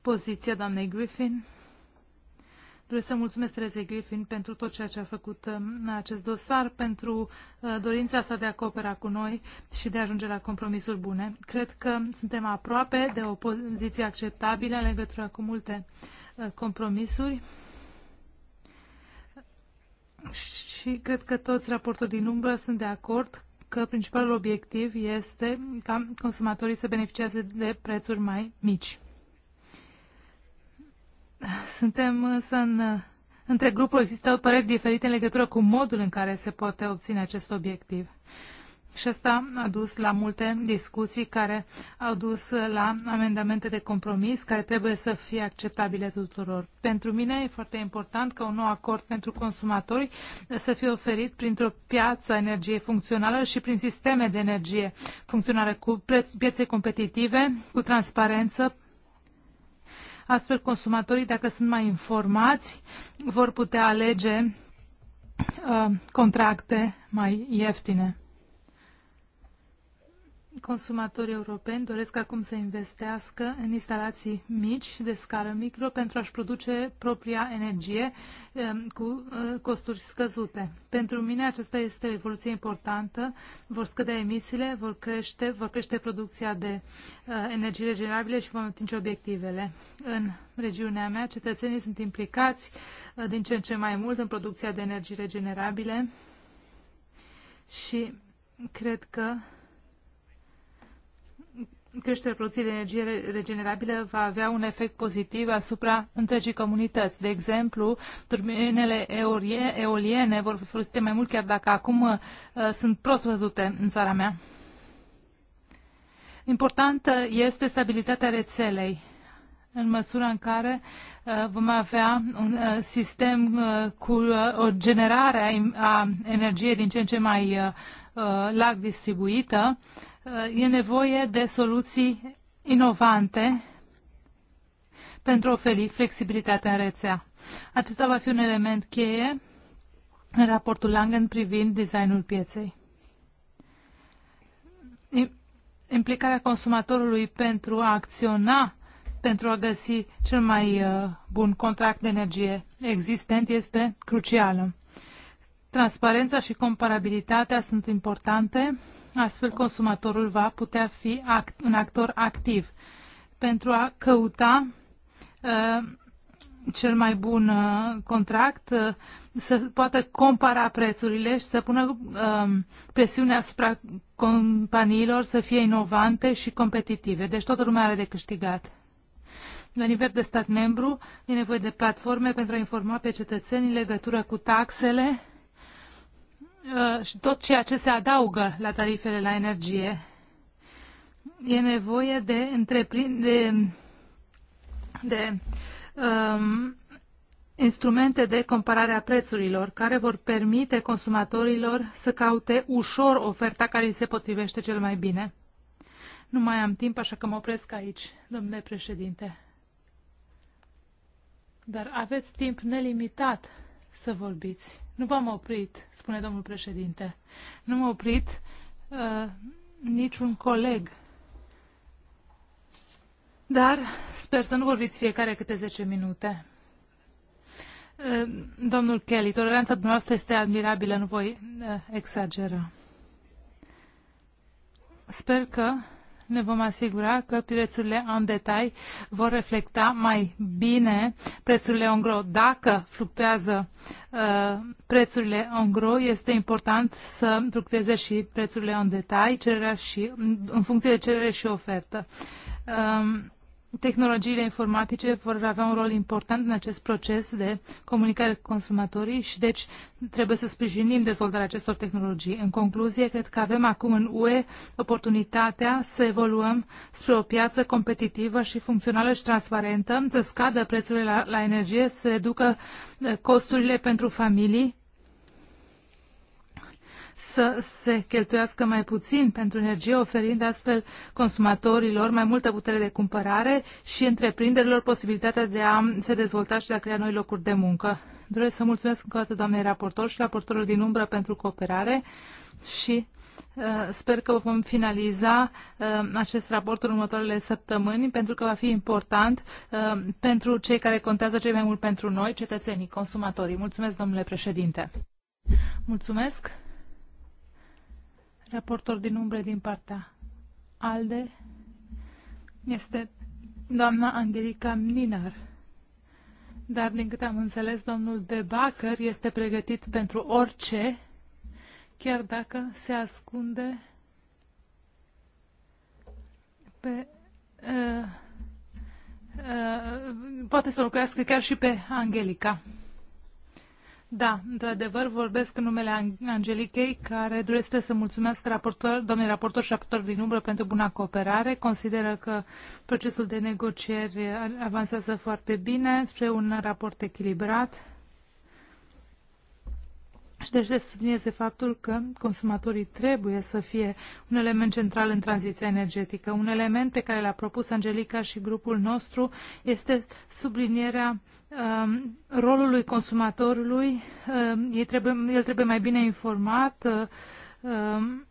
poziția doamnei Griffin. Doresc să mulțumesc Terezei Griffin pentru tot ceea ce a făcut uh, în acest dosar, pentru uh, dorința sa de a coopera cu noi și de a ajunge la compromisuri bune. Cred că suntem aproape de o poziție acceptabilă în legătură cu multe compromisuri. Și cred că toți raportorii din umbră sunt de acord că principalul obiectiv este ca consumatorii să beneficieze de prețuri mai mici. Suntem însă în, între grupuri există păreri diferite în legătură cu modul în care se poate obține acest obiectiv. Și asta a dus la multe discuții care au dus la amendamente de compromis care trebuie să fie acceptabile tuturor. Pentru mine e foarte important ca un nou acord pentru consumatori să fie oferit printr-o piață energie funcțională și prin sisteme de energie funcționale cu piețe competitive, cu transparență, Astfel, consumatorii, dacă sunt mai informați, vor putea alege uh, contracte mai ieftine consumatorii europeni doresc acum să investească în instalații mici, de scară micro, pentru a-și produce propria energie um, cu uh, costuri scăzute. Pentru mine aceasta este o evoluție importantă. Vor scădea emisiile, vor crește, vor crește producția de uh, energie regenerabile și vom atinge obiectivele. În regiunea mea, cetățenii sunt implicați uh, din ce în ce mai mult în producția de energie regenerabile și cred că creșterea producției de energie regenerabilă va avea un efect pozitiv asupra întregii comunități. De exemplu, turbinele eoliene vor fi folosite mai mult chiar dacă acum uh, sunt prost văzute în țara mea. Importantă uh, este stabilitatea rețelei în măsura în care uh, vom avea un uh, sistem uh, cu uh, o generare a, a energiei din ce în ce mai larg distribuită, e nevoie de soluții inovante pentru a oferi flexibilitate în rețea. Acesta va fi un element cheie în raportul Langen privind designul pieței. Implicarea consumatorului pentru a acționa, pentru a găsi cel mai uh, bun contract de energie existent este crucială. Transparența și comparabilitatea sunt importante Astfel, consumatorul va putea fi act, un actor activ pentru a căuta uh, cel mai bun uh, contract, uh, să poată compara prețurile și să pună uh, presiune asupra companiilor să fie inovante și competitive. Deci toată lumea are de câștigat. La nivel de stat membru, e nevoie de platforme pentru a informa pe cetățeni legătură cu taxele Uh, și tot ceea ce se adaugă la tarifele la energie. E nevoie de întreprinde de, de um, instrumente de comparare a prețurilor care vor permite consumatorilor să caute ușor oferta care îi se potrivește cel mai bine. Nu mai am timp, așa că mă opresc aici, domnule președinte. Dar aveți timp nelimitat să vorbiți. Nu v-am oprit, spune domnul președinte. Nu m-a oprit uh, niciun coleg. Dar sper să nu vorbiți fiecare câte 10 minute. Uh, domnul Kelly, toleranța dumneavoastră este admirabilă, nu voi uh, exagera. Sper că ne vom asigura că prețurile în detai vor reflecta mai bine prețurile în gro. Dacă fluctuează uh, prețurile în gro, este important să fluctueze și prețurile în detai, cererea și, în funcție de cerere și ofertă. Uh, tehnologiile informatice vor avea un rol important în acest proces de comunicare cu consumatorii și deci trebuie să sprijinim dezvoltarea acestor tehnologii. În concluzie, cred că avem acum în UE oportunitatea să evoluăm spre o piață competitivă și funcțională și transparentă, să scadă prețurile la, la energie, să reducă eh, costurile pentru familii să se cheltuiască mai puțin pentru energie, oferind astfel consumatorilor mai multă putere de cumpărare și întreprinderilor posibilitatea de a se dezvolta și de a crea noi locuri de muncă. Doresc să mulțumesc încă o dată doamnei raportor și raportorul din umbră pentru cooperare și uh, Sper că vom finaliza uh, acest raport în următoarele săptămâni, pentru că va fi important uh, pentru cei care contează cei mai mult pentru noi, cetățenii, consumatorii. Mulțumesc, domnule președinte. Mulțumesc raportor din umbre din partea ALDE este doamna Angelica Mlinar. Dar, din câte am înțeles, domnul De Bacăr este pregătit pentru orice, chiar dacă se ascunde pe... Uh, uh, poate să locuiască chiar și pe Angelica. Da, într-adevăr, vorbesc în numele Angelicei, care dorește să mulțumesc raportor, domnul raportor și raportor din umbră pentru buna cooperare. Consideră că procesul de negocieri avansează foarte bine spre un raport echilibrat și deci să sublinieze faptul că consumatorii trebuie să fie un element central în tranziția energetică. Un element pe care l-a propus Angelica și grupul nostru este sublinierea um, rolului consumatorului. Um, el, trebuie, el trebuie mai bine informat uh, um,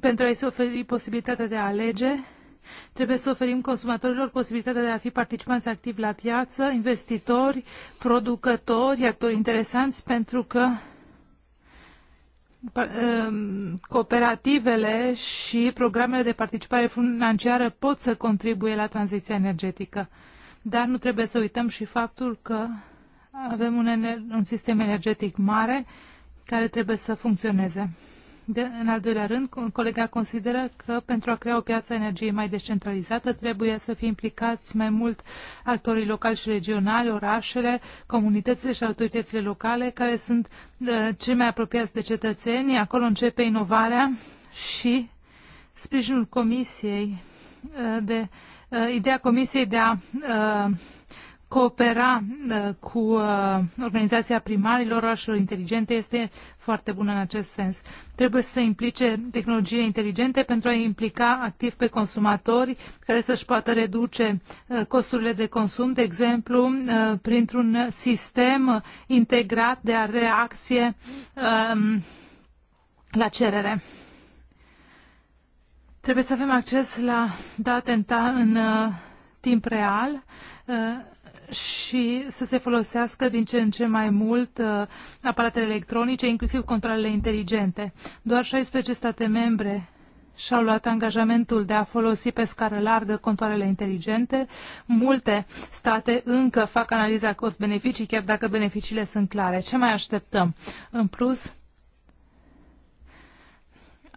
pentru a-i se oferi posibilitatea de a alege. Trebuie să oferim consumatorilor posibilitatea de a fi participanți activi la piață, investitori, producători, actori interesanți, pentru că Ehm, cooperativele și programele de participare financiară pot să contribuie la tranziția energetică. Dar nu trebuie să uităm și faptul că avem un, un sistem energetic mare care trebuie să funcționeze. De, în al doilea rând, colega consideră că pentru a crea o piață a energiei mai descentralizată trebuie să fie implicați mai mult actorii locali și regionali, orașele, comunitățile și autoritățile locale, care sunt uh, cei mai apropiați de cetățeni. Acolo începe inovarea și sprijinul comisiei uh, de uh, ideea comisiei de a uh, coopera uh, cu uh, organizația primarilor orașelor inteligente este foarte bună în acest sens. Trebuie să implice tehnologiile inteligente pentru a implica activ pe consumatori care să-și poată reduce uh, costurile de consum, de exemplu, printr-un sistem integrat de reacție um, la cerere. Trebuie să avem acces la date în, în timp real și să se folosească din ce în ce mai mult uh, aparatele electronice, inclusiv controlele inteligente. Doar 16 state membre și-au luat angajamentul de a folosi pe scară largă contoarele inteligente. Multe state încă fac analiza cost-beneficii, chiar dacă beneficiile sunt clare. Ce mai așteptăm? În plus,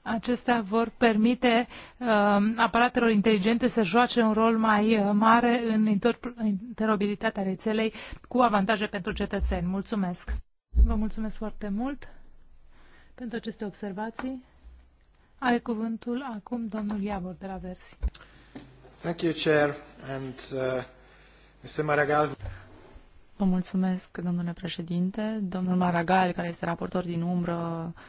Acestea vor permite uh, aparatelor inteligente să joace un rol mai uh, mare în interoperabilitatea rețelei cu avantaje pentru cetățeni. Mulțumesc! Vă mulțumesc foarte mult pentru aceste observații. Are cuvântul acum domnul Iavor de la Versi. Thank you, Chair, and uh, Mr. Maragall. Vă mulțumesc, domnule președinte. Domnul Maragal, care este raportor din umbră, uh,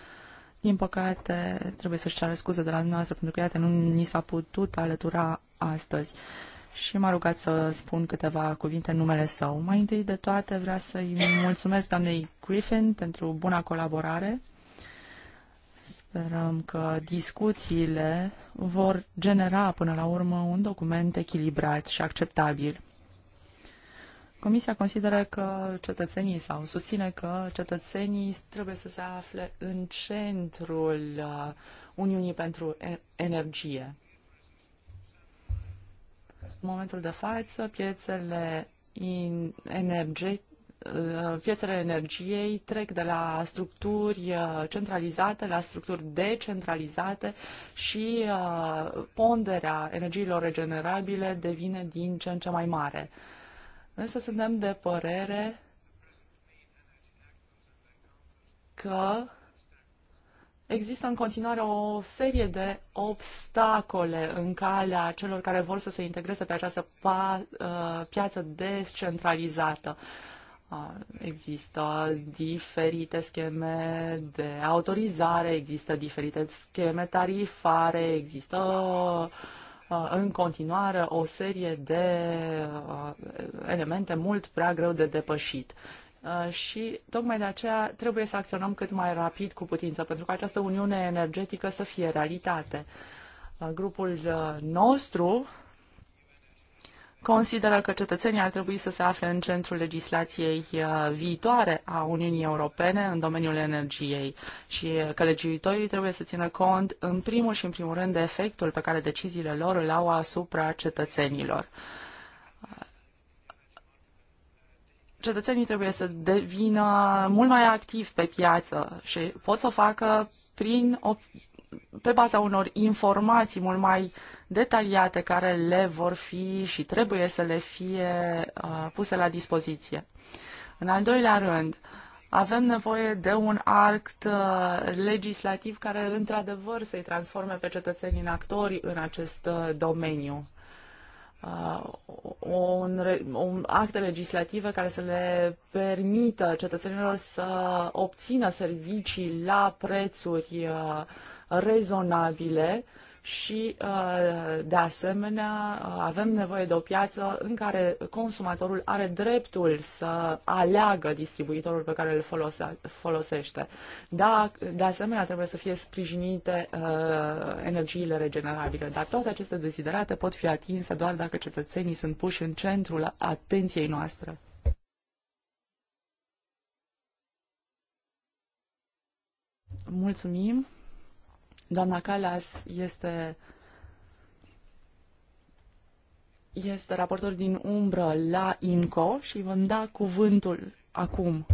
din păcate, trebuie să-și ceară scuze de la dumneavoastră pentru că, iată, nu ni s-a putut alătura astăzi. Și m-a rugat să spun câteva cuvinte în numele său. Mai întâi de toate, vreau să-i mulțumesc doamnei Griffin pentru buna colaborare. Sperăm că discuțiile vor genera până la urmă un document echilibrat și acceptabil. Comisia consideră că cetățenii sau susține că cetățenii trebuie să se afle în centrul uh, Uniunii pentru Energie. În momentul de față, piețele energetice uh, piețele energiei trec de la structuri uh, centralizate la structuri decentralizate și ponderea energiilor regenerabile devine din ce în ce mai mare. Însă suntem de părere că există în continuare o serie de obstacole în calea celor care vor să se integreze pe această uh, piață descentralizată. Uh, există diferite scheme de autorizare, există diferite scheme tarifare, există uh, Uh, în continuare o serie de uh, elemente mult prea greu de depășit. Uh, și tocmai de aceea trebuie să acționăm cât mai rapid cu putință, pentru că această uniune energetică să fie realitate. Grupul nostru consideră că cetățenii ar trebui să se afle în centrul legislației uh, viitoare a Uniunii Europene în domeniul energiei și că legiuitorii trebuie să țină cont în primul și în primul rând de efectul pe care deciziile lor îl au asupra cetățenilor. Cetățenii trebuie să devină mult mai activi pe piață și pot să facă prin pe baza unor informații mult mai detaliate care le vor fi și trebuie să le fie uh, puse la dispoziție. În al doilea rând, avem nevoie de un act uh, legislativ care, într-adevăr, să-i transforme pe cetățenii în actori în acest uh, domeniu. Uh, un, un act legislativ care să le permită cetățenilor să obțină servicii la prețuri uh, rezonabile și, uh, de asemenea, uh, avem nevoie de o piață în care consumatorul are dreptul să aleagă distribuitorul pe care îl folosește. Da, de asemenea, trebuie să fie sprijinite uh, energiile regenerabile, dar toate aceste deziderate pot fi atinse doar dacă cetățenii sunt puși în centrul atenției noastre. Mulțumim! Doamna Calas este este raportor din umbră la INCO și vă da cuvântul acum.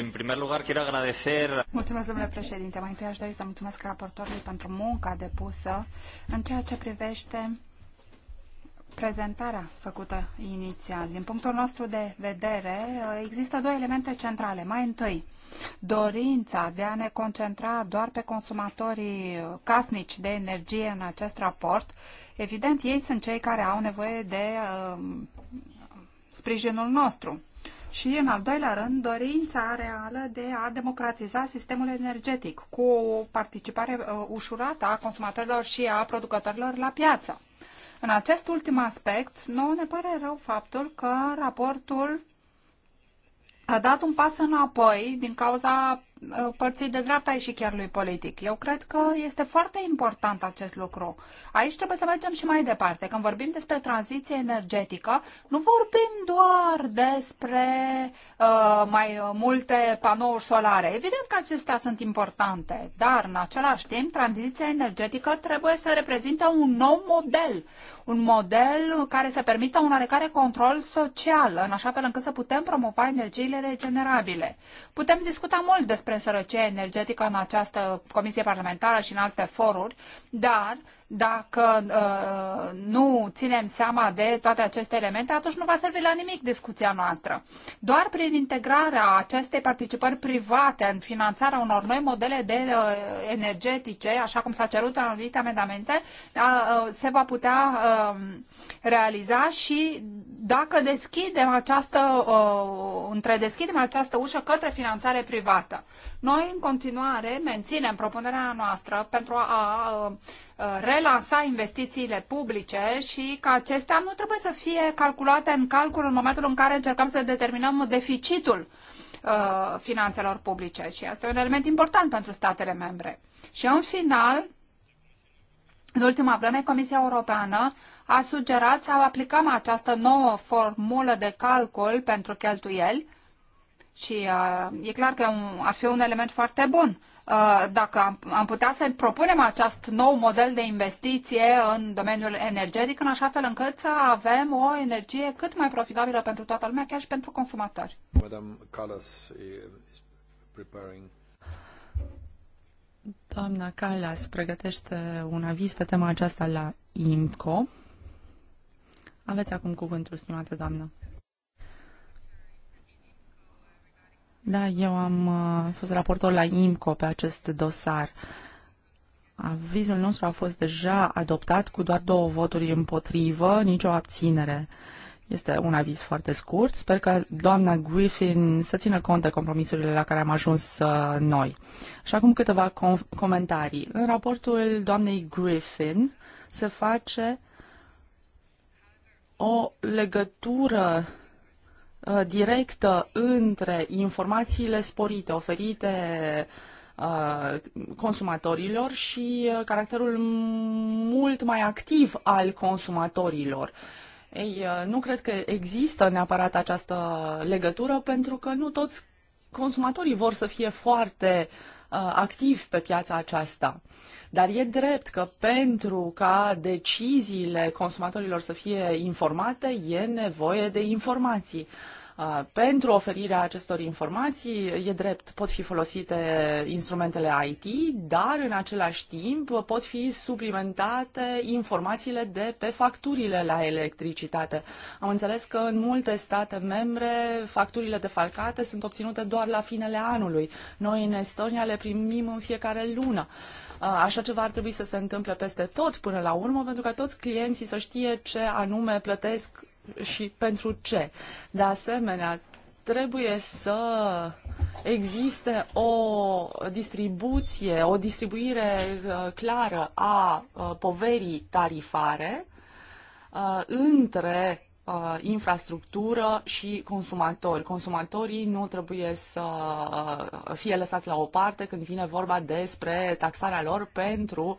În primul lugar, quiero agradecer... Mulțumesc, domnule președinte. Mai întâi aș dori să mulțumesc raportorului pentru munca depusă în ceea ce privește prezentarea făcută inițial. Din punctul nostru de vedere, există două elemente centrale. Mai întâi, dorința de a ne concentra doar pe consumatorii casnici de energie în acest raport. Evident, ei sunt cei care au nevoie de uh, sprijinul nostru. Și, în al doilea rând, dorința reală de a democratiza sistemul energetic cu o participare uh, ușurată a consumatorilor și a producătorilor la piață. În acest ultim aspect, nouă ne pare rău faptul că raportul a dat un pas înapoi din cauza Uh, părții de dreapta și chiar lui politic. Eu cred că este foarte important acest lucru. Aici trebuie să mergem și mai departe. Când vorbim despre tranziție energetică, nu vorbim doar despre uh, mai multe panouri solare. Evident că acestea sunt importante, dar în același timp tranziția energetică trebuie să reprezinte un nou model. Un model care să permită un oarecare control social, în așa fel încât să putem promova energiile regenerabile. Putem discuta mult despre despre sărăcie energetică în această comisie parlamentară și în alte foruri, dar dacă uh, nu ținem seama de toate aceste elemente, atunci nu va servi la nimic discuția noastră. Doar prin integrarea acestei participări private în finanțarea unor noi modele de uh, energetice, așa cum s-a cerut în anumite amendamente, uh, uh se va putea uh, realiza și dacă deschidem această, uh, deschidem această ușă către finanțare privată. Noi, în continuare, menținem propunerea noastră pentru a uh, Uh, relansa investițiile publice și că acestea nu trebuie să fie calculate în calcul în momentul în care încercăm să determinăm deficitul uh, finanțelor publice și asta e un element important pentru statele membre. Și în final, în ultima vreme, Comisia Europeană a sugerat să aplicăm această nouă formulă de calcul pentru cheltuieli și uh, e clar că un, ar fi un element foarte bun. Uh, dacă am putea să propunem acest nou model de investiție în domeniul energetic, în așa fel încât să avem o energie cât mai profitabilă pentru toată lumea, chiar și pentru consumatori. Madame Callas is preparing Doamna pregătește un aviz pe tema aceasta la IMCO. Aveți acum cuvântul, stimată doamnă. Da, eu am uh, fost raportor la IMCO pe acest dosar. Avizul nostru a fost deja adoptat cu doar două voturi împotrivă, nicio abținere. Este un aviz foarte scurt. Sper că doamna Griffin să țină cont de compromisurile la care am ajuns uh, noi. Și acum câteva com- comentarii. În raportul doamnei Griffin se face o legătură Uh, directă între informațiile sporite oferite uh, consumatorilor și uh, caracterul mult mai activ al consumatorilor. Ei, nu cred că există neapărat această legătură pentru că nu toți consumatorii vor să fie foarte activ activi pe piața aceasta. Dar e drept că pentru ca deciziile consumatorilor să fie informate, e nevoie de informații. Uh, pentru oferirea acestor informații, e drept, pot fi folosite instrumentele IT, dar în același timp pot fi suplimentate informațiile de pe facturile la electricitate. Am înțeles că în multe state membre facturile defalcate sunt obținute doar la finele anului. Noi în Estonia le primim în fiecare lună. Așa ceva ar trebui să se întâmple peste tot până la urmă, pentru ca toți clienții să știe ce anume plătesc și pentru ce. De asemenea, trebuie să existe o distribuție, o distribuire uh, clară a uh, poverii tarifare uh, între infrastructură și consumatori. Consumatorii nu trebuie să fie lăsați la o parte când vine vorba despre taxarea lor pentru uh,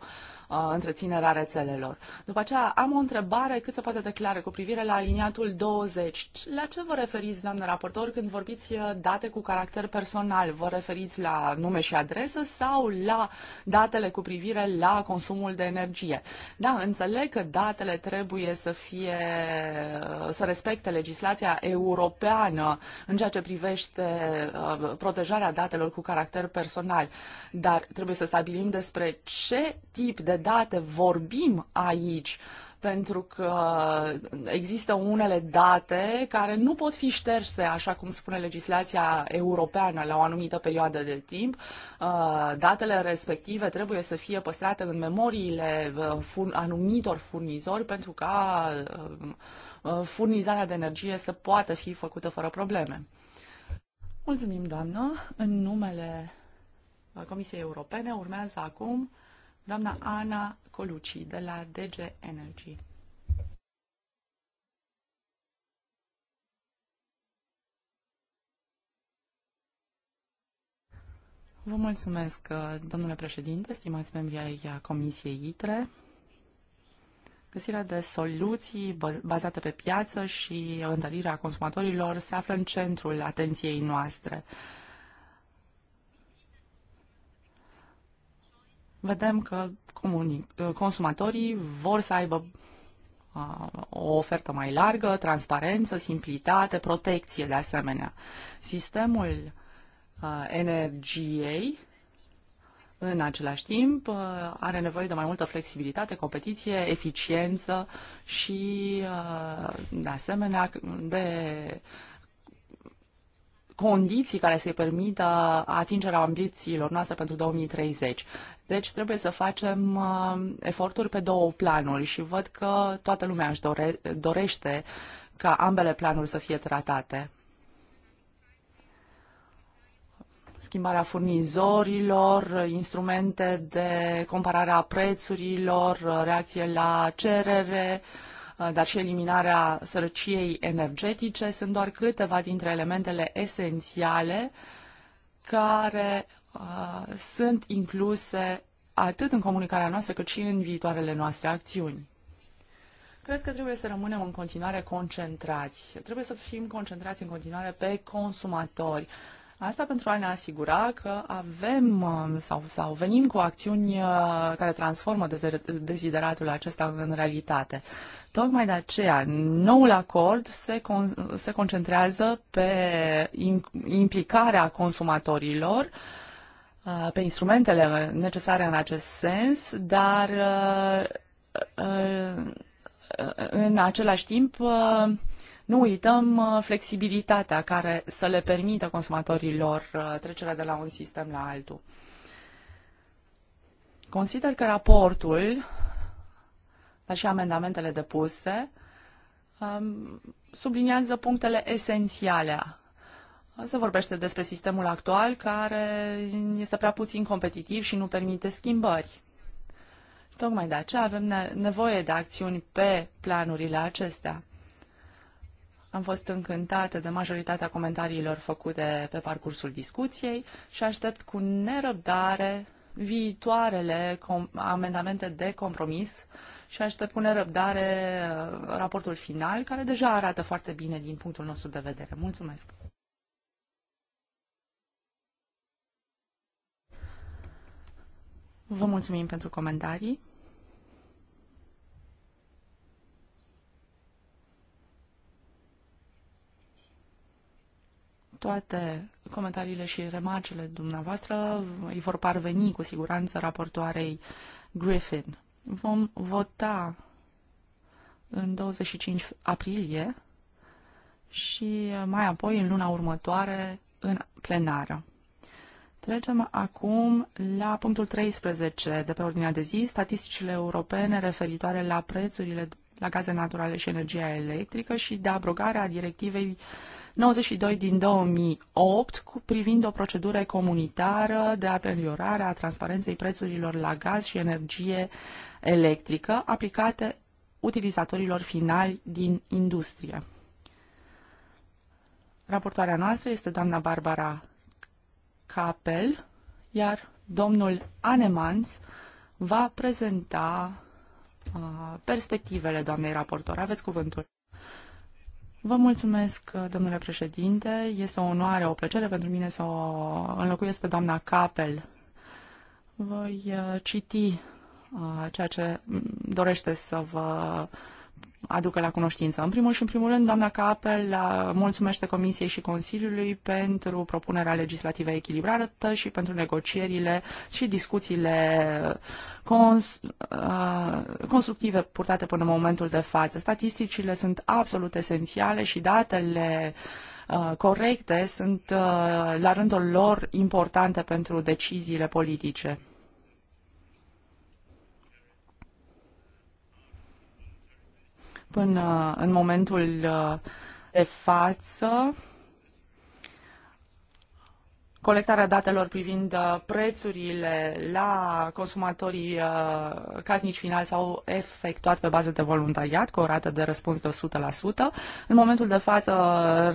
Uh, întreținerea rețelelor. După aceea am o întrebare cât se poate declare cu privire la aliniatul 20. La ce vă referiți, doamnă raportor, când vorbiți uh, date cu caracter personal? Vă referiți la nume și adresă sau la datele cu privire la consumul de energie? Da, înțeleg că datele trebuie să fie, uh, să respecte legislația europeană în ceea ce privește protejarea datelor cu caracter personal, dar trebuie să stabilim despre ce tip de date vorbim aici? Pentru că există unele date care nu pot fi șterse, așa cum spune legislația europeană, la o anumită perioadă de timp. Uh, datele respective trebuie să fie păstrate în memoriile uh, anumitor furnizori pentru ca uh, furnizarea de energie să poată fi făcută fără probleme. Mulțumim, doamnă. În numele Comisiei Europene urmează acum doamna Ana Colucci de la DG Energy. Vă mulțumesc, uh, domnule președinte, stimați membri ai uh, Comisiei ITRE. Găsirea de soluții bazate pe piață și uh, întărirea consumatorilor se află în centrul atenției noastre. vedem că consumatorii vor să aibă uh, o ofertă mai largă, transparență, simplitate, protecție de asemenea. Sistemul energiei uh, în același timp uh, are nevoie de mai multă flexibilitate, competiție, eficiență și de asemenea de condiții care să-i permită atingerea ambițiilor noastre pentru 2030. Deci trebuie să facem uh, eforturi pe două planuri și văd că toată lumea își dore, dorește ca ambele planuri să fie tratate. Schimbarea furnizorilor, instrumente de comparare a prețurilor, uh, reacție la cerere, uh, dar și eliminarea sărăciei energetice sunt doar câteva dintre elementele esențiale care uh, sunt incluse atât în comunicarea noastră cât și în viitoarele noastre acțiuni. Cred că trebuie să rămânem în continuare concentrați. Trebuie să fim concentrați în continuare pe consumatori. Asta pentru a ne asigura că avem um, sau, sau venim cu acțiuni uh, care transformă dezideratul acesta în realitate. Tocmai de aceea, noul acord se, con- se concentrează pe implicarea consumatorilor uh, Uh, pe instrumentele necesare în acest sens, dar uh, uh, în același timp nu uităm flexibilitatea care să le permită consumatorilor trecerea de la un sistem la altul. Consider că raportul, dar și amendamentele depuse, um, subliniază punctele esențiale se vorbește despre sistemul actual care este prea puțin competitiv și nu permite schimbări. Tocmai de aceea avem nevoie de acțiuni pe planurile acestea. Am fost încântată de majoritatea comentariilor făcute pe parcursul discuției și aștept cu nerăbdare viitoarele amendamente de compromis și aștept cu nerăbdare uh, raportul final, care deja arată foarte bine din punctul nostru de vedere. Mulțumesc! Vă mulțumim pentru comentarii. Toate comentariile și remarcile dumneavoastră îi vor parveni cu siguranță raportoarei Griffin. Vom vota în 25 aprilie și mai apoi în luna următoare în plenară. Trecem acum la punctul 13 de pe ordinea de zi, statisticile europene referitoare la prețurile la gaze naturale și energia electrică și de abrogarea directivei 92 din 2008 cu privind o procedură comunitară de ameliorare a transparenței prețurilor la gaz și energie electrică aplicate utilizatorilor finali din industrie. Raportoarea noastră este doamna Barbara Capel, iar domnul Anemans va prezenta uh, perspectivele doamnei raportor. Aveți cuvântul. Vă mulțumesc, uh, domnule președinte. Este o onoare, o plăcere pentru mine să o înlocuiesc pe doamna Capel. Voi uh, citi uh, ceea ce dorește să vă aducă la cunoștință. În primul și în primul rând, doamna Capel uh, mulțumește Comisiei și Consiliului pentru propunerea legislativă echilibrată și pentru negocierile și discuțiile cons- uh, constructive purtate până în momentul de față. Statisticile sunt absolut esențiale și datele uh, corecte sunt la rândul lor importante pentru deciziile politice. Până în momentul uh, de față, colectarea datelor privind uh, prețurile la consumatorii uh, casnici final s-au efectuat pe bază de voluntariat cu o rată de răspuns de 100%. În momentul de față,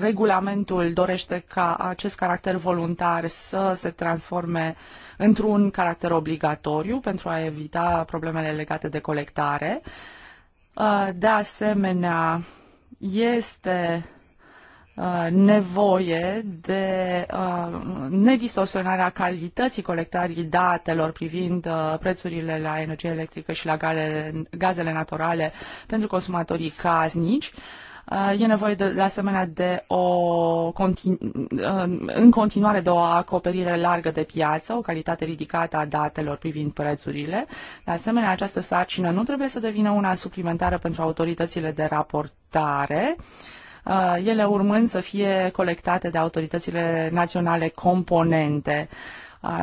regulamentul dorește ca acest caracter voluntar să se transforme într-un caracter obligatoriu pentru a evita problemele legate de colectare. Uh, de asemenea, este nevoie de nedistorsionarea calității colectării datelor privind prețurile la energie electrică și la gazele naturale pentru consumatorii casnici. Uh, e nevoie de, de asemenea de o continu- uh, în continuare de o acoperire largă de piață, o calitate ridicată a datelor privind prețurile. De asemenea, această sarcină nu trebuie să devină una suplimentară pentru autoritățile de raportare, uh, ele urmând să fie colectate de autoritățile naționale componente. Uh,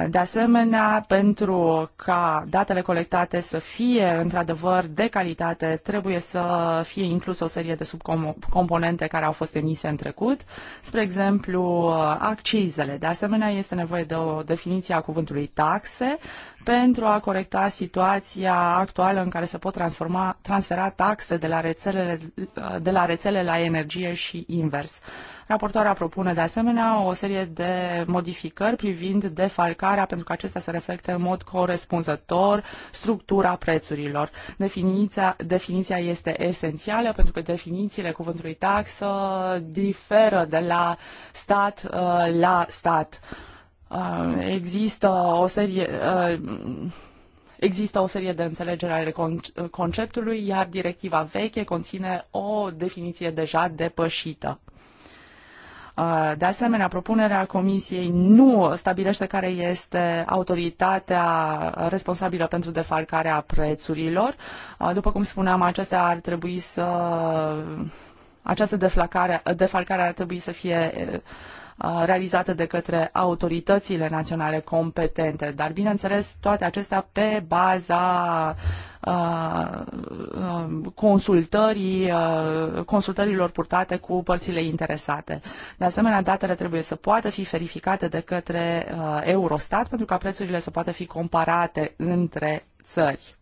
de asemenea, pentru ca datele colectate să fie într-adevăr de calitate, trebuie să fie inclusă o serie de subcomponente care au fost emise în trecut, spre exemplu accizele. De asemenea, este nevoie de o definiție a cuvântului taxe pentru a corecta situația actuală în care se pot transforma, transfera taxe de la, rețelele, de la rețele la energie și invers. Raportoarea propune de asemenea o serie de modificări privind defalcarea pentru că acestea se reflecte în mod corespunzător structura prețurilor. Definiția, definiția este esențială pentru că definițiile cuvântului taxă diferă de la stat uh, la stat. Uh, există o serie uh, Există o serie de înțelegeri ale conceptului, iar directiva veche conține o definiție deja depășită. Uh, de asemenea, propunerea Comisiei nu stabilește care este autoritatea responsabilă pentru defalcarea prețurilor. Uh, după cum spuneam, acestea ar trebui să această defalcare, ar trebui să fie uh, realizate de către autoritățile naționale competente, dar bineînțeles toate acestea pe baza consultării, consultărilor purtate cu părțile interesate. De asemenea, datele trebuie să poată fi verificate de către Eurostat pentru ca prețurile să poată fi comparate între țări.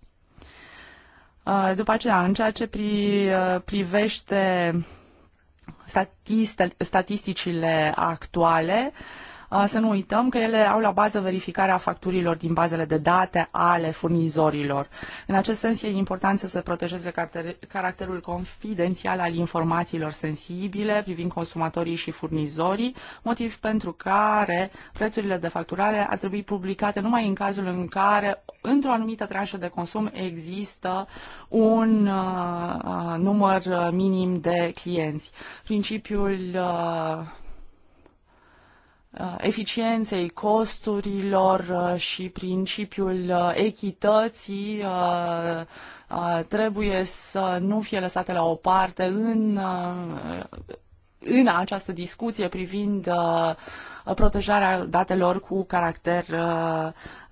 După aceea, în ceea ce privește statisticile actuale să nu uităm că ele au la bază verificarea facturilor din bazele de date ale furnizorilor. În acest sens e important să se protejeze caracterul confidențial al informațiilor sensibile privind consumatorii și furnizorii, motiv pentru care prețurile de facturare ar trebui publicate numai în cazul în care într-o anumită tranșă de consum există un uh, uh număr minim de clienți. Principiul uh, Uh, eficienței costurilor uh, și principiul uh, echității trebuie să nu fie lăsate la o parte în, în această discuție privind protejarea datelor cu caracter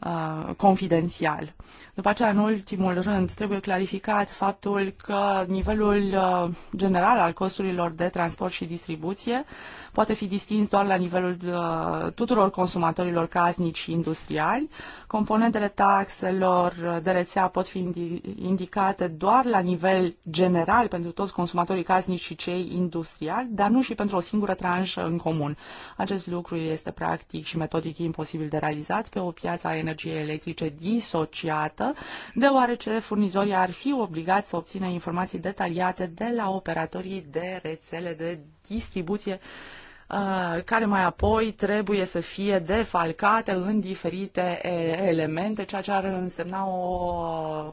Uh, confidențial. După aceea, în ultimul rând, trebuie clarificat faptul că nivelul uh, general al costurilor de transport și distribuție poate fi distins doar la nivelul uh, tuturor consumatorilor casnici și industriali. Componentele taxelor de rețea pot fi indicate doar la nivel general pentru toți consumatorii casnici și cei industriali, dar nu și pentru o singură tranșă în comun. Acest lucru este practic și metodic imposibil de realizat pe o piață a energiei energiei electrice disociată, deoarece furnizorii ar fi obligați să obțină informații detaliate de la operatorii de rețele de distribuție uh, care mai apoi trebuie să fie defalcate în diferite elemente, ceea ce ar însemna o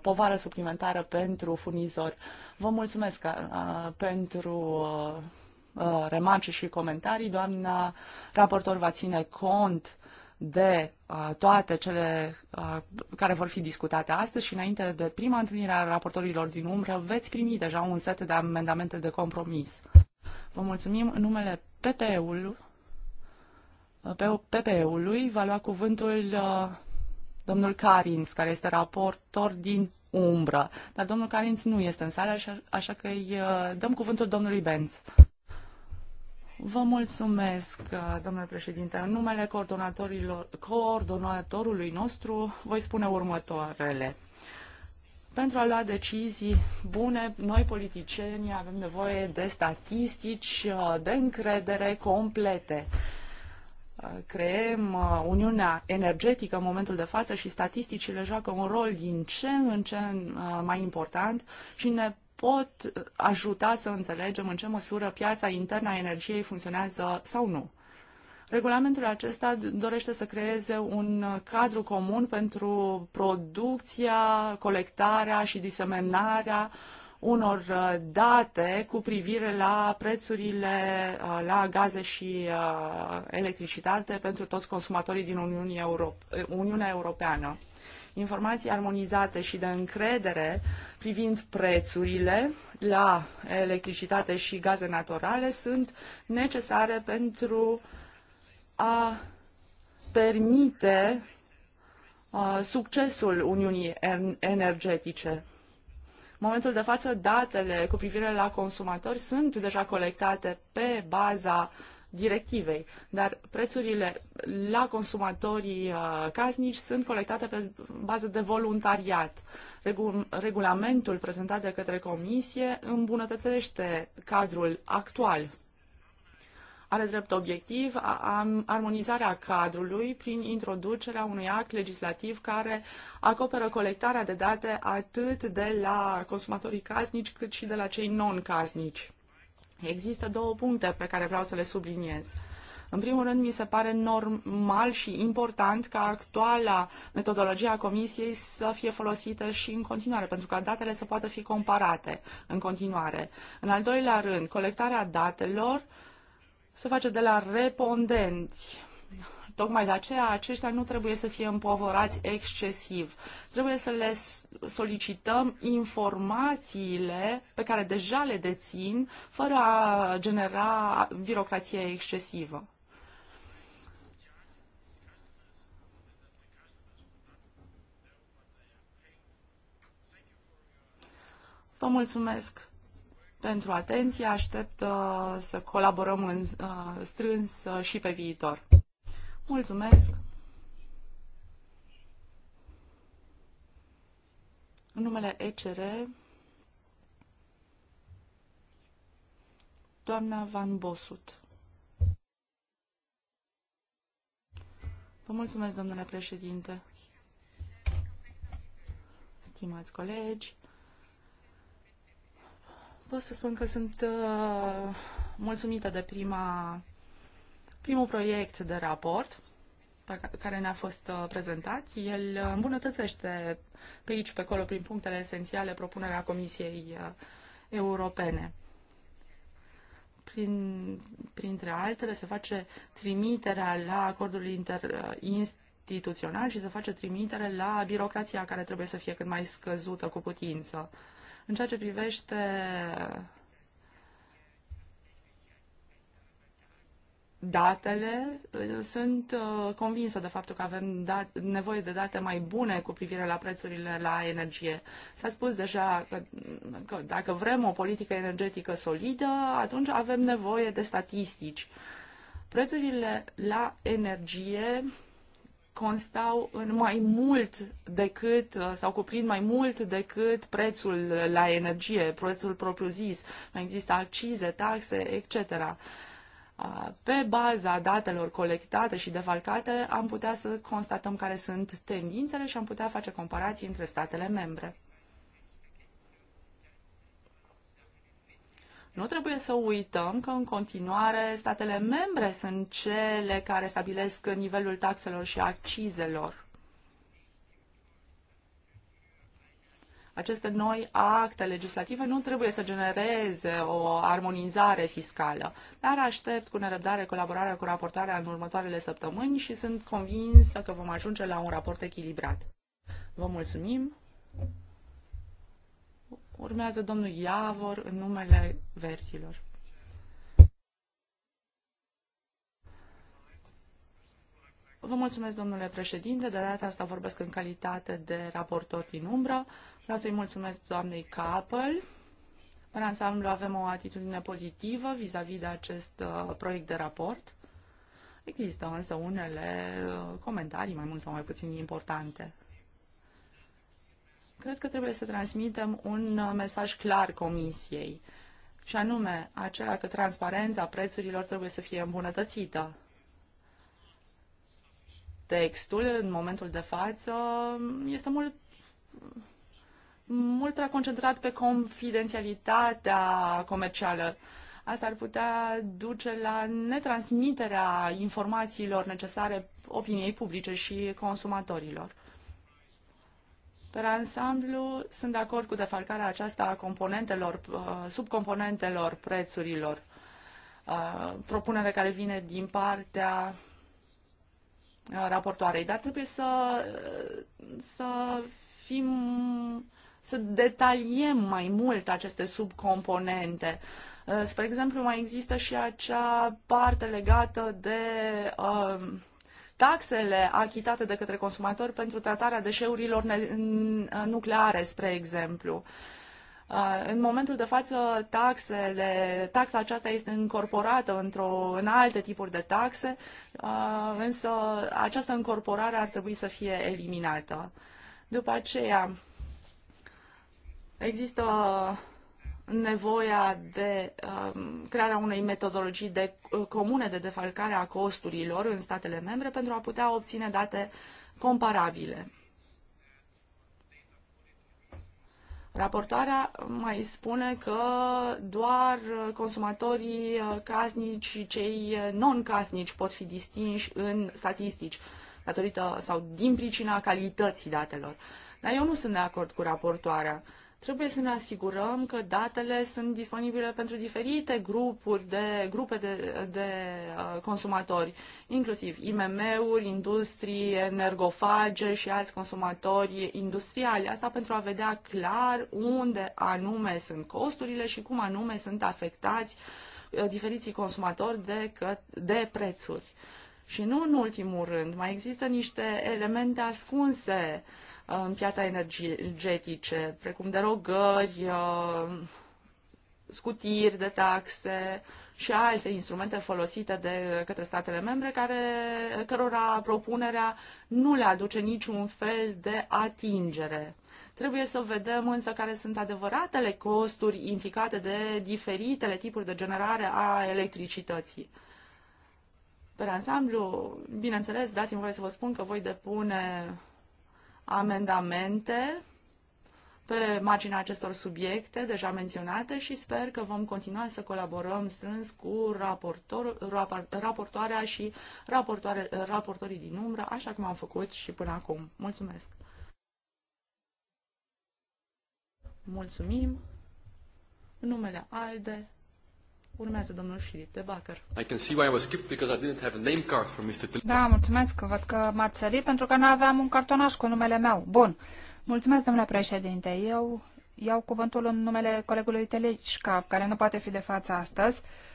povară suplimentară pentru furnizor. Vă mulțumesc uh, pentru uh, remarci și comentarii. Doamna raportor va ține cont de toate cele care vor fi discutate astăzi și înainte de prima întâlnire a raportorilor din umbră veți primi deja un set de amendamente de compromis. Vă mulțumim în numele PPE-ului. ppe va lua cuvântul domnul Carins, care este raportor din umbră. Dar domnul Carins nu este în sală, așa, așa că îi dăm cuvântul domnului Benz. Vă mulțumesc, domnule președinte. În numele coordonatorilor, coordonatorului nostru voi spune următoarele. Pentru a lua decizii bune, noi politicienii avem nevoie de statistici de încredere complete creăm uh, Uniunea Energetică în momentul de față și statisticile joacă un rol din ce în ce uh, mai important și ne pot ajuta să înțelegem în ce măsură piața internă a energiei funcționează sau nu. Regulamentul acesta dorește să creeze un cadru comun pentru producția, colectarea și diseminarea unor date cu privire la prețurile la gaze și uh, electricitate pentru toți consumatorii din Uniunea Europeană informații armonizate și de încredere privind prețurile la electricitate și gaze naturale sunt necesare pentru a permite uh, succesul Uniunii Energetice. În momentul de față, datele cu privire la consumatori sunt deja colectate pe baza uh, directivei, dar prețurile la consumatorii uh, casnici sunt colectate pe bază de voluntariat. Regulamentul prezentat de către Comisie îmbunătățește cadrul actual. Are drept obiectiv armonizarea cadrului prin introducerea unui act legislativ care acoperă colectarea de date atât de la consumatorii casnici cât și de la cei non-casnici. Există două puncte pe care vreau să le subliniez. În primul rând, mi se pare normal și important ca actuala metodologie a Comisiei să fie folosită și în continuare, pentru ca datele să poată fi comparate în continuare. În al doilea rând, colectarea datelor se face de la respondenți Tocmai de aceea aceștia nu trebuie să fie împovorați excesiv. Trebuie să le solicităm informațiile pe care deja le dețin fără a genera birocrație excesivă. Vă mulțumesc pentru atenție. Aștept uh, să colaborăm în, uh, strâns uh, și pe viitor. Mulțumesc! În numele ECR, doamna Van Bosut. Vă mulțumesc, domnule președinte. Stimați colegi, pot să spun că sunt uh, mulțumită de prima Primul proiect de raport care ne-a fost uh, prezentat, el uh, îmbunătățește pe aici, pe acolo, prin punctele esențiale, propunerea Comisiei uh, Europene. Prin, printre altele, se face trimiterea la acordul interinstituțional instituțional și se face trimitere la birocrația care trebuie să fie cât mai scăzută cu putință. În ceea ce privește datele, uh, sunt uh, convinsă de faptul că avem dat, nevoie de date mai bune cu privire la prețurile la energie. S-a spus deja că, că dacă vrem o politică energetică solidă, atunci avem nevoie de statistici. Prețurile la energie constau în mai mult decât uh, sau cuprind mai mult decât prețul la energie, prețul propriu-zis. Mai există accize, taxe, etc. Pe baza datelor colectate și defalcate am putea să constatăm care sunt tendințele și am putea face comparații între statele membre. Nu trebuie să uităm că în continuare statele membre sunt cele care stabilesc nivelul taxelor și accizelor. aceste noi acte legislative nu trebuie să genereze o armonizare fiscală, dar aștept cu nerăbdare colaborarea cu raportarea în următoarele săptămâni și sunt convinsă că vom ajunge la un raport echilibrat. Vă mulțumim! Urmează domnul Iavor în numele versilor. Vă mulțumesc, domnule președinte. De data asta vorbesc în calitate de raportor din umbră. Vreau să-i mulțumesc doamnei Capel. În ansamblu avem o atitudine pozitivă vis-a-vis -vis de acest uh, proiect de raport. Există însă unele uh, comentarii mai mult sau mai puțin importante. Cred că trebuie să transmitem un uh, mesaj clar Comisiei, și anume aceea că transparența prețurilor trebuie să fie îmbunătățită. Textul, în momentul de față, este mult mult prea concentrat pe confidențialitatea comercială. Asta ar putea duce la netransmiterea informațiilor necesare opiniei publice și consumatorilor. Pe ansamblu, sunt de acord cu defalcarea aceasta a componentelor, uh, subcomponentelor prețurilor. Uh, propunere care vine din partea uh, raportoarei, dar trebuie să, să fim să detaliem mai mult aceste subcomponente. Uh, spre exemplu, mai există și acea parte legată de um, taxele achitate de către consumatori pentru tratarea deșeurilor nucleare, spre exemplu. Uh, în momentul de față, taxele, taxa aceasta este încorporată într-o, în alte tipuri de taxe, uh, însă această încorporare ar trebui să fie eliminată. După aceea, Există uh, nevoia de um, crearea unei metodologii de, uh, comune de defalcare a costurilor în statele membre pentru a putea obține date comparabile. Raportarea mai spune că doar consumatorii uh, casnici și cei non-casnici pot fi distinși în statistici, datorită sau din pricina calității datelor. Dar eu nu sunt de acord cu raportoarea. Uh, Trebuie să ne asigurăm că datele sunt disponibile pentru diferite grupuri de, grupe de, de uh, consumatori, inclusiv IMM-uri, industrie, energofage și alți consumatori industriali. Asta pentru a vedea clar unde anume sunt costurile și cum anume sunt afectați uh, diferiții consumatori de, că, de prețuri. Și nu în ultimul rând, mai există niște elemente ascunse uh, Uh, în piața energetice, precum derogări, uh, scutiri de taxe și alte instrumente folosite de către statele membre, care, cărora propunerea nu le aduce niciun fel de atingere. Trebuie să vedem însă care sunt adevăratele costuri implicate de diferitele tipuri de generare a electricității. Pe ansamblu, bineînțeles, dați-mi voie să vă spun că voi depune amendamente pe marginea acestor subiecte deja menționate și sper că vom continua să colaborăm strâns cu raportor, rapor, raportoarea și raportoare, raportorii din umbră, așa cum am făcut și până acum. Mulțumesc! Mulțumim! În numele ALDE, Urmează domnul Filip de Bacăr. I can see why I was skipped because I didn't have a name card for Mr. Tillich. Da, mulțumesc. că Văd că m-ați sărit pentru că nu aveam un cartonaș cu numele meu. Bun. Mulțumesc, domnule președinte. Eu iau cuvântul în numele colegului Telicca, care nu poate fi de față astăzi. Uh,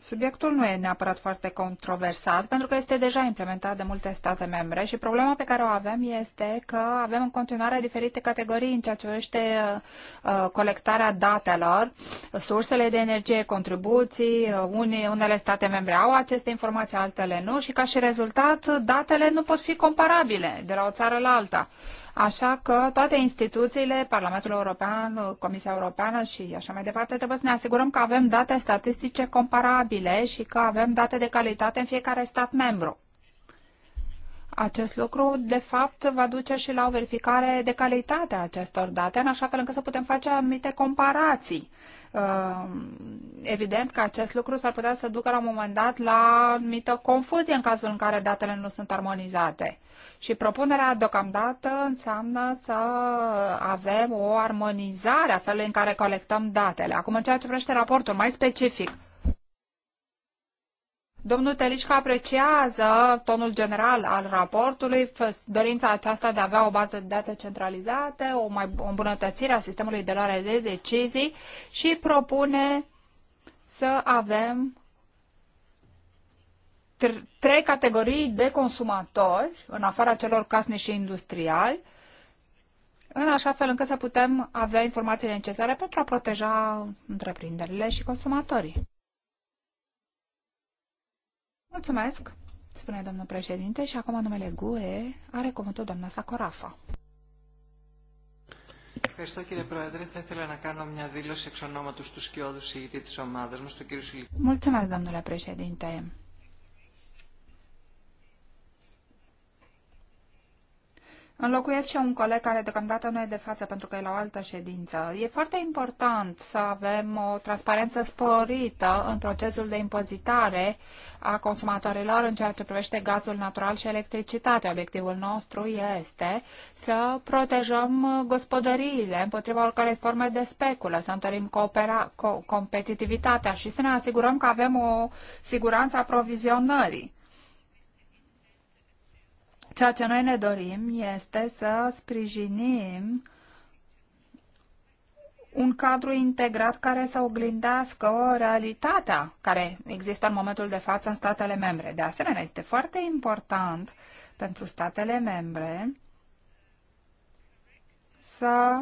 Subiectul nu e neapărat foarte controversat, pentru că este deja implementat de multe state membre și problema pe care o avem este că avem în continuare diferite categorii în ceea ce privește uh, uh, colectarea datelor, sursele de energie, contribuții, uh, unii, unele state membre au aceste informații, altele nu și ca și rezultat datele nu pot fi comparabile de la o țară la alta. Așa că toate instituțiile, Parlamentul European, Comisia Europeană și așa mai departe, trebuie să ne asigurăm că avem date statistice comparabile și că avem date de calitate în fiecare stat membru. Acest lucru, de fapt, va duce și la o verificare de calitate a acestor date, în așa fel încât să putem face anumite comparații Uh, evident că acest lucru s-ar putea să ducă la un moment dat la anumită confuzie în cazul în care datele nu sunt armonizate. Și propunerea deocamdată înseamnă să avem o armonizare a felului în care colectăm datele. Acum, în ceea ce privește raportul mai specific, Domnul Telișca apreciază tonul general al raportului, dorința aceasta de a avea o bază de date centralizate, o, mai, o îmbunătățire a sistemului de luare de decizii și propune să avem trei categorii de consumatori, în afara celor casnici și industriali, în așa fel încât să putem avea informațiile necesare pentru a proteja întreprinderile și consumatorii. Mulțumesc, spune domnul președinte, și acum numele GUE are cuvântul doamna Sacorafa. Ευχαριστώ κύριε Πρόεδρε. Θα ήθελα να κάνω μια δήλωση εξ ονόματος του της ομάδας μου, Mulțumesc, domnule președinte. Înlocuiesc și un coleg care deocamdată nu e de față pentru că e la o altă ședință. E foarte important să avem o transparență sporită în procesul de impozitare a consumatorilor în ceea ce privește gazul natural și electricitatea. Obiectivul nostru este să protejăm gospodăriile împotriva oricărei forme de speculă, să întărim coopera, co- competitivitatea și să ne asigurăm că avem o siguranță a aprovizionării. Ceea ce noi ne dorim este să sprijinim un cadru integrat care să oglindească realitatea care există în momentul de față în statele membre. De asemenea, este foarte important pentru statele membre să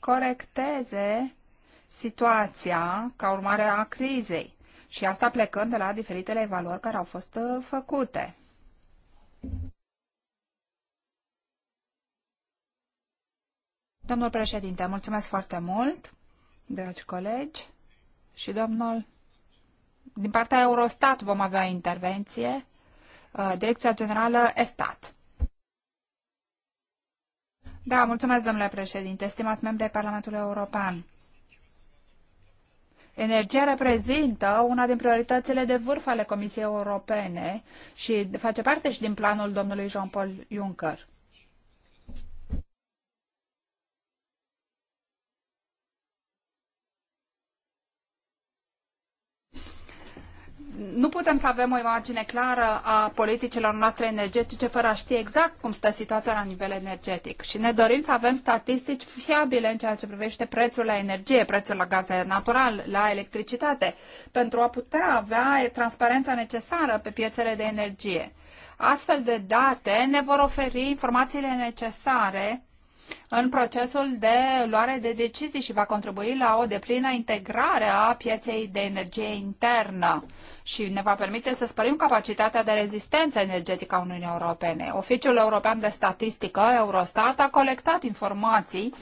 corecteze situația ca urmare a crizei și asta plecând de la diferitele evaluări care au fost uh, făcute. Domnul președinte, mulțumesc foarte mult, dragi colegi și domnul. Din partea Eurostat vom avea intervenție, uh, Direcția Generală Estat. Da, mulțumesc, domnule președinte, stimați membri ai Parlamentului European. Energia reprezintă una din prioritățile de vârf ale Comisiei Europene și face parte și din planul domnului Jean-Paul Juncker. nu putem să avem o imagine clară a politicilor noastre energetice fără a ști exact cum stă situația la nivel energetic. Și ne dorim să avem statistici fiabile în ceea ce privește prețul la energie, prețul la gaze natural, la electricitate, pentru a putea avea transparența necesară pe piețele de energie. Astfel de date ne vor oferi informațiile necesare în procesul de luare de decizii și va contribui la o deplină integrare a pieței de energie internă și ne va permite să spărim capacitatea de rezistență energetică a Uniunii Europene. Oficiul European de Statistică, Eurostat, a colectat informații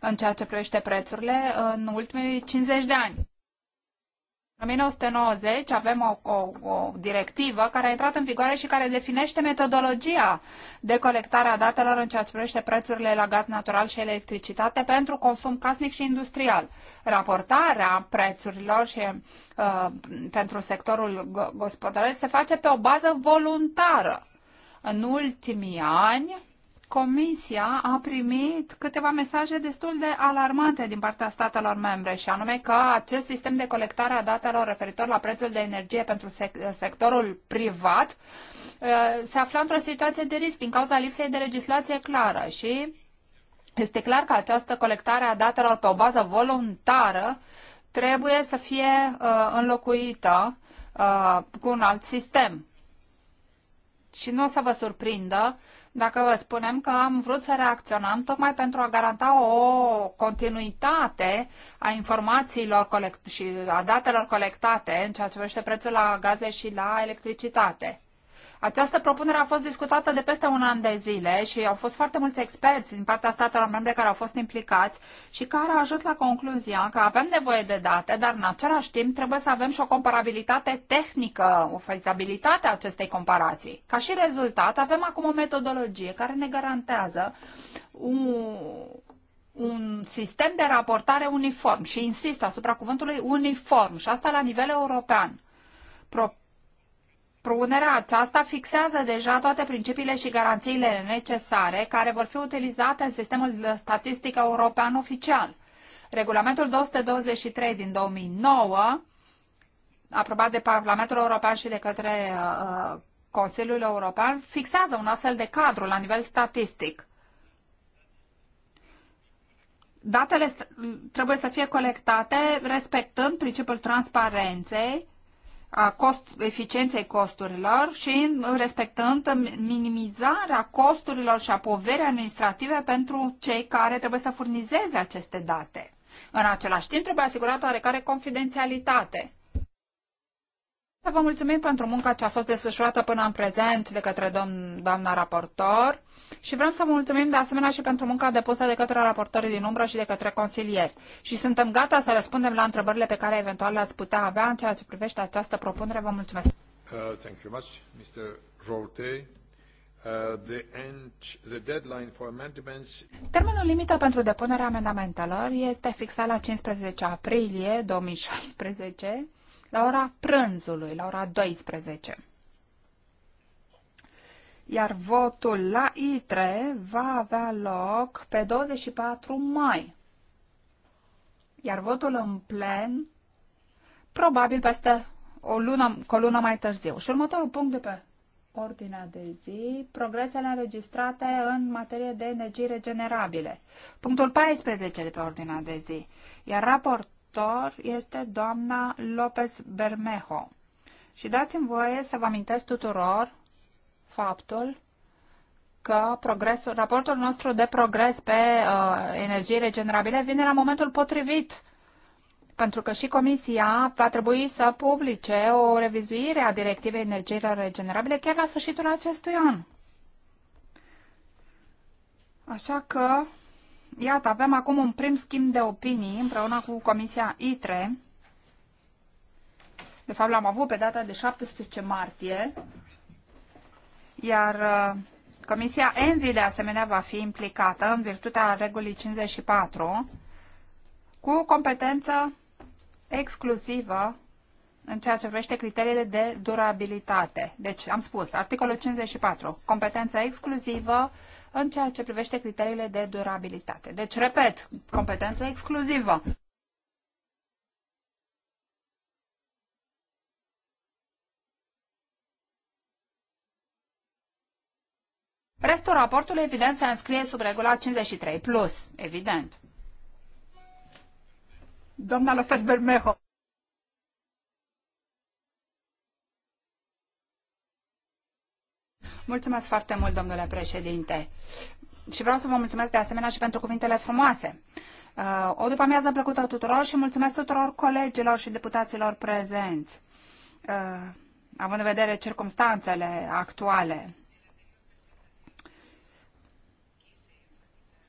în ceea ce privește prețurile în ultimii 50 de ani. În 1990 avem o, o, o directivă care a intrat în vigoare și care definește metodologia de colectare a datelor în ceea ce privește prețurile la gaz natural și electricitate pentru consum casnic și industrial. Raportarea prețurilor și, uh, pentru sectorul gospodăresc se face pe o bază voluntară. În ultimii ani, Comisia a primit câteva mesaje destul de alarmante din partea statelor membre și anume că acest sistem de colectare a datelor referitor la prețul de energie pentru sectorul privat uh, se afla într-o situație de risc din cauza lipsei de legislație clară și este clar că această colectare a datelor pe o bază voluntară trebuie să fie uh, înlocuită uh, cu un alt sistem. Și nu o să vă surprindă dacă vă spunem că am vrut să reacționăm tocmai pentru a garanta o continuitate a informațiilor colect- și a datelor colectate în ceea ce privește prețul la gaze și la electricitate. Această propunere a fost discutată de peste un an de zile și au fost foarte mulți experți din partea statelor membre care au fost implicați și care au ajuns la concluzia că avem nevoie de date, dar în același timp trebuie să avem și o comparabilitate tehnică, o fezabilitate a acestei comparații. Ca și rezultat, avem acum o metodologie care ne garantează un, un sistem de raportare uniform și insist asupra cuvântului uniform și asta la nivel european. Propunerea aceasta fixează deja toate principiile și garanțiile necesare care vor fi utilizate în sistemul statistic european oficial. Regulamentul 223 din 2009, aprobat de Parlamentul European și de către uh, Consiliul European, fixează un astfel de cadru la nivel statistic. Datele trebuie să fie colectate respectând principiul transparenței a cost, eficienței costurilor și respectând minimizarea costurilor și a poverii administrative pentru cei care trebuie să furnizeze aceste date. În același timp, trebuie asigurată oarecare confidențialitate. Să vă mulțumim pentru munca ce a fost desfășurată până în prezent de către domn, doamna raportor și vrem să vă mulțumim de asemenea și pentru munca depusă de către raportorii din umbră și de către consilieri. Și suntem gata să răspundem la întrebările pe care eventual le-ați putea avea în ceea ce privește această propunere. Vă mulțumesc. Uh, thank you much, Mr. Jolte. Uh, the end, the deadline for amendments... Termenul limită pentru depunerea amendamentelor este fixat la 15 aprilie 2016 la ora prânzului, la ora 12. Iar votul la ITRE va avea loc pe 24 mai. Iar votul în plen, probabil peste o lună, cu o lună mai târziu. Și următorul punct de pe ordinea de zi, progresele înregistrate în materie de energii regenerabile. Punctul 14 de pe ordinea de zi. Iar raport raportor este doamna Lopez Bermejo. Și dați-mi voie să vă amintesc tuturor faptul că progresul, raportul nostru de progres pe uh, energie regenerabile vine la momentul potrivit, pentru că și Comisia va trebui să publice o revizuire a directivei energiilor regenerabile chiar la sfârșitul acestui an. Așa că Iată, avem acum un prim schimb de opinii împreună cu Comisia ITRE. De fapt, l-am avut pe data de 17 martie, iar uh, Comisia ENVI, de asemenea, va fi implicată în virtutea regulii 54 cu competență exclusivă în ceea ce privește criteriile de durabilitate. Deci, am spus, articolul 54, competența exclusivă în ceea ce privește criteriile de durabilitate. Deci, repet, competență exclusivă. Restul raportului, evident, se înscrie sub regula 53+, plus, evident. Doamna López Bermejo. Mulțumesc foarte mult, domnule președinte. Și vreau să vă mulțumesc de asemenea și pentru cuvintele frumoase. Uh, o după amiază plăcută tuturor și mulțumesc tuturor colegilor și deputaților prezenți, uh, având în vedere circumstanțele actuale.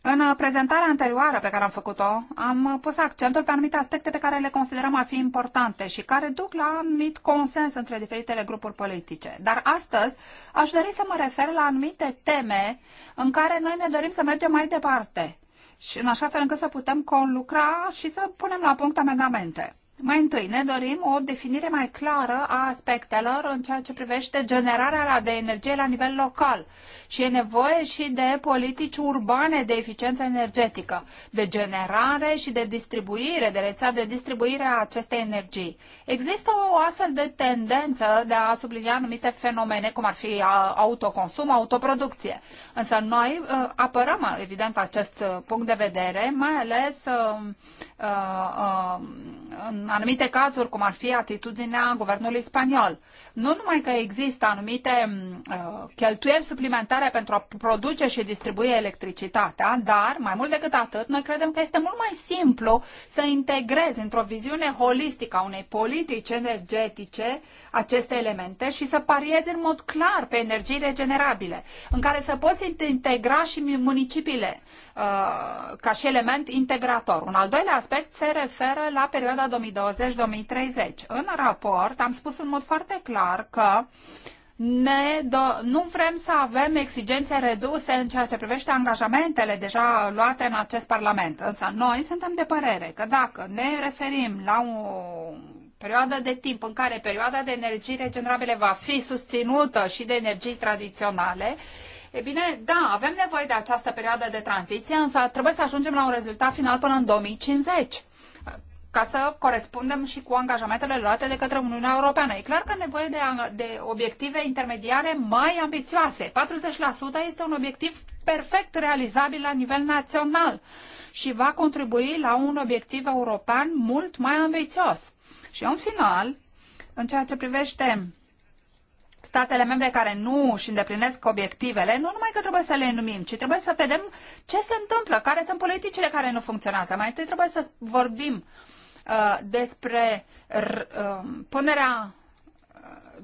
În prezentarea anterioară pe care am făcut-o, am pus accentul pe anumite aspecte pe care le considerăm a fi importante și care duc la anumit consens între diferitele grupuri politice. Dar astăzi aș dori să mă refer la anumite teme în care noi ne dorim să mergem mai departe și în așa fel încât să putem conlucra și să punem la punct amendamente. Mai întâi, ne dorim o definire mai clară a aspectelor în ceea ce privește generarea de energie la nivel local și e nevoie și de politici urbane de eficiență energetică, de generare și de distribuire, de rețea de distribuire a acestei energii. Există o astfel de tendență de a sublinia anumite fenomene, cum ar fi uh, autoconsum, autoproducție. Însă noi uh, apărăm, uh, evident, acest punct de vedere, mai ales în anumite cazuri, cum ar fi atitudinea guvernului spaniol. Nu numai că există anumite cheltuieli suplimentare necesare pentru a produce și distribui electricitatea, dar mai mult decât atât, noi credem că este mult mai simplu să integrezi într-o viziune holistică a unei politici energetice aceste elemente și să pariezi în mod clar pe energii regenerabile, în care să poți integra și municipiile uh, ca și element integrator. Un al doilea aspect se referă la perioada 2020-2030. În raport am spus în mod foarte clar că ne nu vrem să avem exigențe reduse în ceea ce privește angajamentele deja luate în acest Parlament. Însă noi suntem de părere că dacă ne referim la o perioadă de timp în care perioada de energie regenerabile va fi susținută și de energii tradiționale, E bine, da, avem nevoie de această perioadă de tranziție, însă trebuie să ajungem la un rezultat final până în 2050 ca să corespundem și cu angajamentele luate de către Uniunea Europeană. E clar că nevoie de, de obiective intermediare mai ambițioase. 40% este un obiectiv perfect realizabil la nivel național și va contribui la un obiectiv european mult mai ambițios. Și în final, în ceea ce privește statele membre care nu își îndeplinesc obiectivele, nu numai că trebuie să le numim, ci trebuie să vedem ce se întâmplă, care sunt politicile care nu funcționează. Mai întâi trebuie să vorbim uh, Uh, despre um, punerea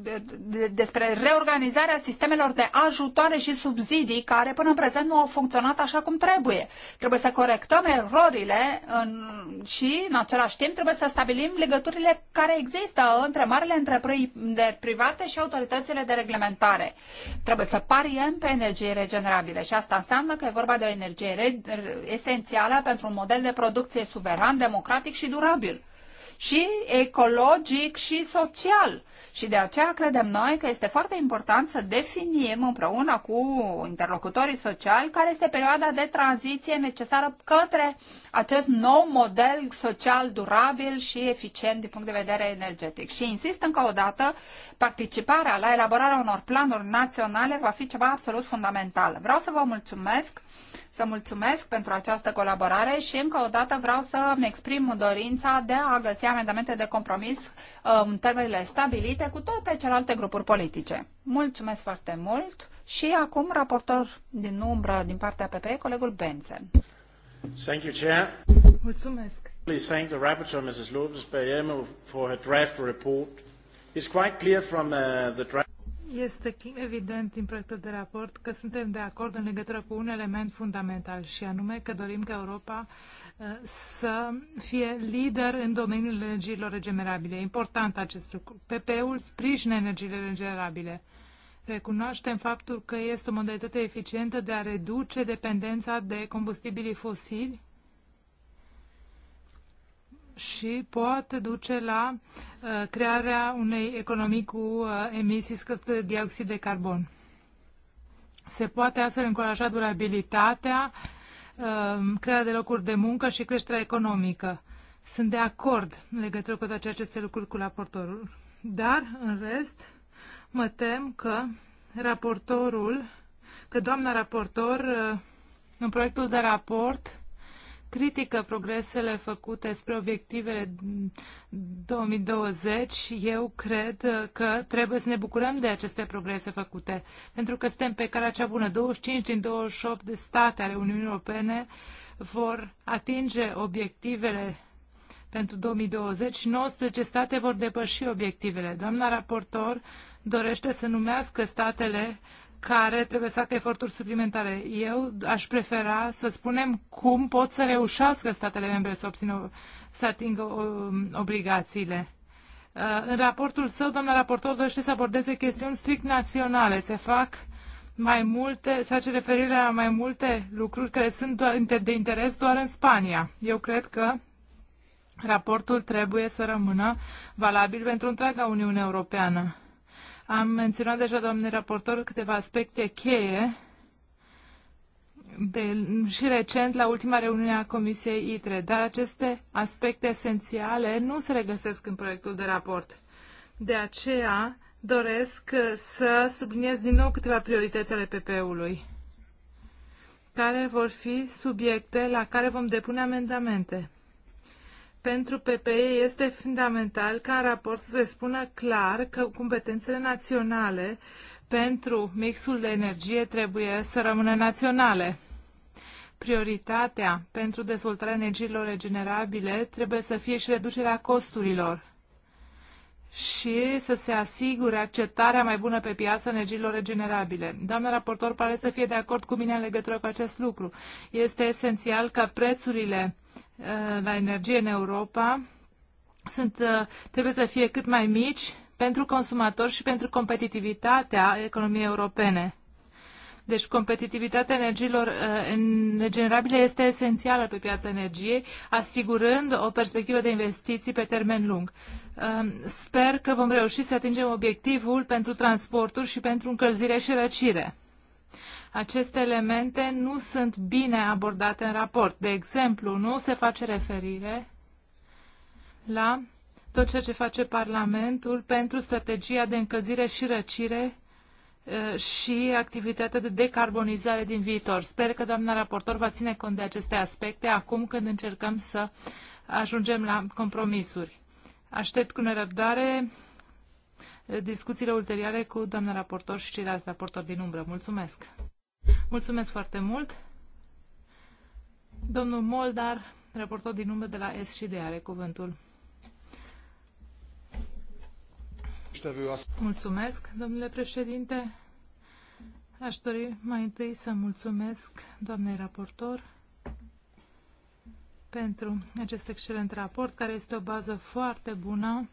de, de, despre reorganizarea sistemelor de ajutoare și subsidii care până în prezent nu au funcționat așa cum trebuie. Trebuie să corectăm erorile în, și în același timp trebuie să stabilim legăturile care există între marile întreprinderi private și autoritățile de reglementare. Trebuie să pariem pe energie regenerabile și asta înseamnă că e vorba de o energie esențială pentru un model de producție suveran, democratic și durabil și ecologic și social. Și de aceea credem noi că este foarte important să definim împreună cu interlocutorii sociali care este perioada de tranziție necesară către acest nou model social durabil și eficient din punct de vedere energetic. Și insist încă o dată, participarea la elaborarea unor planuri naționale va fi ceva absolut fundamental. Vreau să vă mulțumesc, să mulțumesc pentru această colaborare și încă o dată vreau să-mi exprim dorința de a găsi amendamente de compromis uh, în termenele stabilite cu toate celelalte grupuri politice. Mulțumesc foarte mult și acum raportor din umbră din partea PPE, colegul Benson. Thank you, Chair. Mulțumesc. Please thank the rapporteur, Mrs. Lourdes Bayemo, for her draft report. It's quite clear from uh, the draft este evident din proiectul de raport că suntem de acord în legătură cu un element fundamental și anume că dorim că Europa să fie lider în domeniul energiilor regenerabile. E important acest lucru. PP-ul sprijină energiile regenerabile. Recunoaștem faptul că este o modalitate eficientă de a reduce dependența de combustibilii fosili și poate duce la uh, crearea unei economii cu uh, emisii scăzute de dioxid de carbon. Se poate astfel încuraja durabilitatea uh, Um, crearea de locuri de muncă și creșterea economică. Sunt de acord în legătură cu toate aceste lucruri cu raportorul. Dar, în rest, mă tem că raportorul, că doamna raportor, uh, în proiectul de raport, critică progresele făcute spre obiectivele 2020, eu cred că trebuie să ne bucurăm de aceste progrese făcute, pentru că suntem pe calea cea bună. 25 din 28 de state ale Uniunii Europene vor atinge obiectivele pentru 2020, 19 state vor depăși obiectivele. Doamna raportor dorește să numească statele care trebuie să facă eforturi suplimentare. Eu aș prefera să spunem cum pot să reușească statele membre să, obțină, să atingă obligațiile. Uh, în raportul său, domnul raportor dorește să abordeze chestiuni strict naționale. Se fac mai multe, se face referire la mai multe lucruri care sunt de interes doar în Spania. Eu cred că raportul trebuie să rămână valabil pentru întreaga Uniune Europeană am menționat deja, doamne raportor, câteva aspecte cheie de, și recent la ultima reuniune a Comisiei ITRE, dar aceste aspecte esențiale nu se regăsesc în proiectul de raport. De aceea doresc să subliniez din nou câteva priorități ale PP-ului, care vor fi subiecte la care vom depune amendamente pentru PPE este fundamental ca în raport să se spună clar că competențele naționale pentru mixul de energie trebuie să rămână naționale. Prioritatea pentru dezvoltarea energiilor regenerabile trebuie să fie și reducerea costurilor și să se asigure acceptarea mai bună pe piață energiilor regenerabile. Doamna raportor pare să fie de acord cu mine în legătură cu acest lucru. Este esențial ca prețurile Uh, la energie în Europa sunt, uh, trebuie să fie cât mai mici pentru consumatori și pentru competitivitatea economiei europene. Deci competitivitatea energiilor uh, regenerabile este esențială pe piața energiei, asigurând o perspectivă de investiții pe termen lung. Um, sper că vom reuși să atingem obiectivul pentru transporturi și pentru încălzire și răcire. Aceste elemente nu sunt bine abordate în raport. De exemplu, nu se face referire la tot ceea ce face Parlamentul pentru strategia de încălzire și răcire uh, și activitatea de decarbonizare din viitor. Sper că doamna raportor va ține cont de aceste aspecte acum când încercăm să ajungem la compromisuri. Aștept cu nerăbdare uh, discuțiile ulterioare cu doamna raportor și ceilalți raportori din umbră. Mulțumesc! Mulțumesc foarte mult. Domnul Moldar, raportor din umbră de la S și are cuvântul. Mulțumesc, domnule președinte. Aș dori mai întâi să mulțumesc doamnei raportor pentru acest excelent raport, care este o bază foarte bună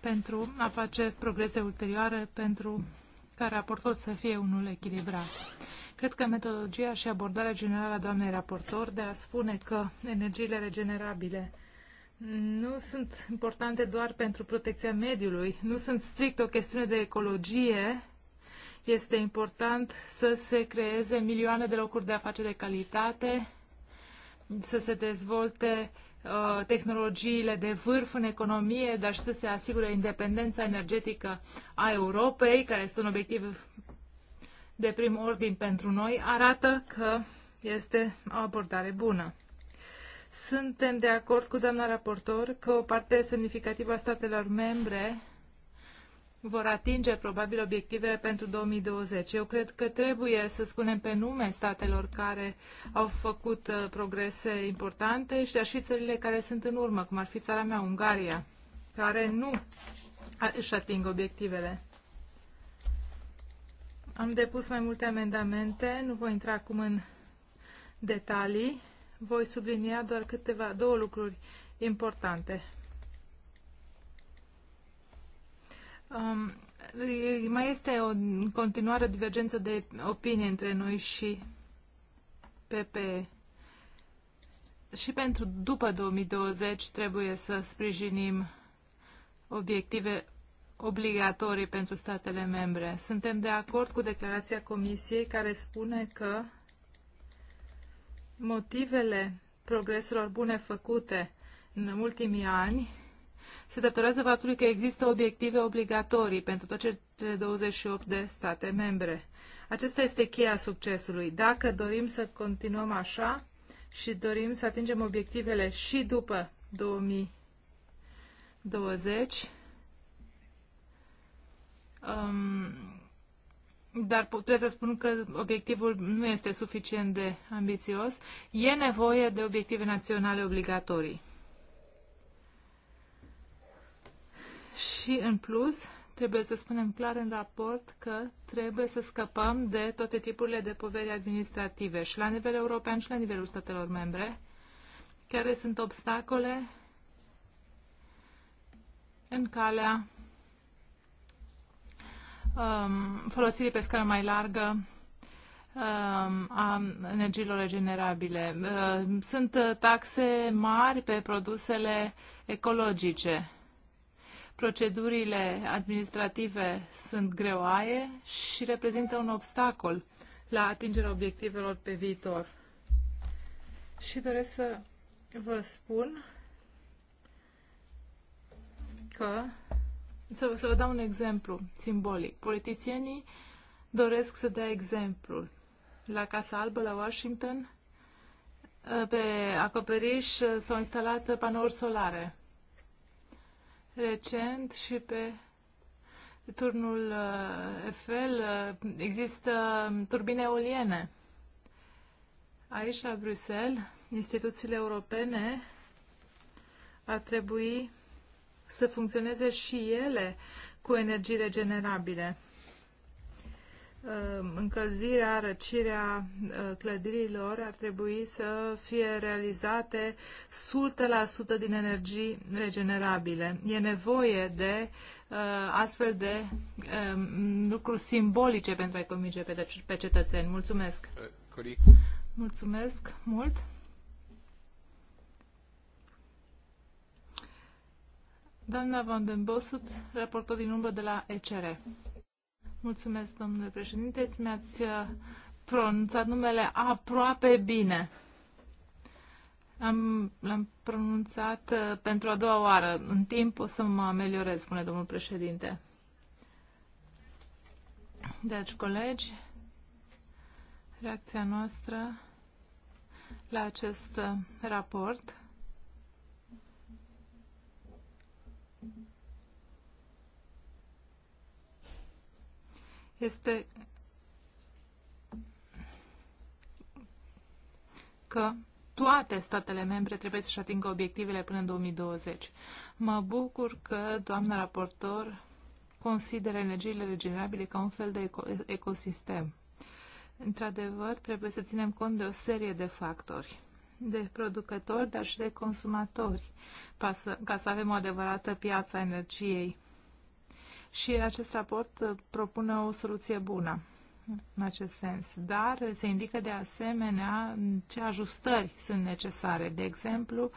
pentru a face progrese ulterioare, pentru ca raportul să fie unul echilibrat. Cred că metodologia și abordarea generală a doamnei raportor de a spune că energiile regenerabile nu sunt importante doar pentru protecția mediului, nu sunt strict o chestiune de ecologie, este important să se creeze milioane de locuri de afaceri de calitate, să se dezvolte uh, tehnologiile de vârf în economie, dar și să se asigure independența energetică a Europei, care este un obiectiv de prim ordin pentru noi arată că este o abordare bună. Suntem de acord cu doamna raportor că o parte semnificativă a statelor membre vor atinge probabil obiectivele pentru 2020. Eu cred că trebuie să spunem pe nume statelor care au făcut uh, progrese importante și dar și țările care sunt în urmă, cum ar fi țara mea, Ungaria, care nu își ating obiectivele. Am depus mai multe amendamente, nu voi intra acum în detalii, voi sublinia doar câteva, două lucruri importante. Um, mai este o continuare o divergență de opinie între noi și PP. Și pentru după 2020 trebuie să sprijinim obiective obligatorii pentru statele membre. Suntem de acord cu declarația Comisiei care spune că motivele progreselor bune făcute în ultimii ani se datorează faptului că există obiective obligatorii pentru toate cele 28 de state membre. Acesta este cheia succesului. Dacă dorim să continuăm așa și dorim să atingem obiectivele și după 2020, Um, dar trebuie să spun că obiectivul nu este suficient de ambițios. E nevoie de obiective naționale obligatorii. Și, în plus, trebuie să spunem clar în raport că trebuie să scăpăm de toate tipurile de poveri administrative și la nivel european și la nivelul statelor membre, care sunt obstacole în calea um, folosirii pe scară mai largă um, a energiilor regenerabile. Uh, sunt uh, taxe mari pe produsele ecologice. Procedurile administrative sunt greoaie și reprezintă un obstacol la atingerea obiectivelor pe viitor. Și doresc să vă spun că să, să vă dau un exemplu simbolic. Politicienii doresc să dea exemplul. La Casa Albă, la Washington, eh, pe acoperiș eh, s-au instalat panouri solare. Recent și pe turnul eh, Eiffel există mm, turbine eoliene. Aici, la Bruxelles, instituțiile europene ar trebui să funcționeze și ele cu energii regenerabile. Uh, încălzirea, răcirea uh, clădirilor ar trebui să fie realizate 100% din energii regenerabile. E nevoie de uh, astfel de lucruri simbolice pentru a-i convinge pe cetățeni. Mulțumesc! Mulțumesc mult! Doamna Van den Bosut, raportor din umbră de la ECR. Mulțumesc, domnule președinte. Mi-ați uh, pronunțat numele aproape bine. Am, l-am pronunțat uh, pentru a doua oară. În timp o să mă ameliorez, spune domnul președinte. Deci, colegi, reacția noastră la acest uh, raport este că toate statele membre trebuie să-și atingă obiectivele până în 2020. Mă bucur că doamna raportor consideră energiile regenerabile ca un fel de ecosistem. Într-adevăr, trebuie să ținem cont de o serie de factori de producători, dar și de consumatori, ca să, ca să avem o adevărată piață a energiei și acest raport uh, propune o soluție bună în acest sens, dar se indică de asemenea ce ajustări sunt necesare. De exemplu,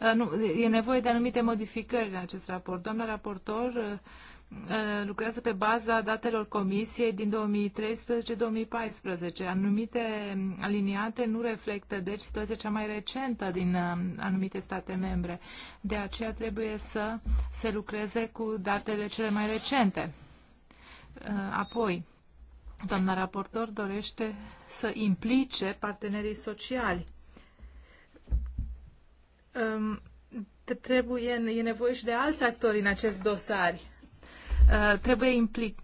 uh, nu, e nevoie de anumite modificări la acest raport. Doamna raportor uh, Uh, lucrează pe baza datelor Comisiei din 2013-2014. Anumite um, aliniate nu reflectă, deci, situația cea mai recentă din um, anumite state membre. De aceea trebuie să se lucreze cu datele cele mai recente. Uh, apoi, doamna raportor dorește să implice partenerii sociali um, trebuie, e nevoie și de alți actori în acest dosar. Uh, trebuie implic...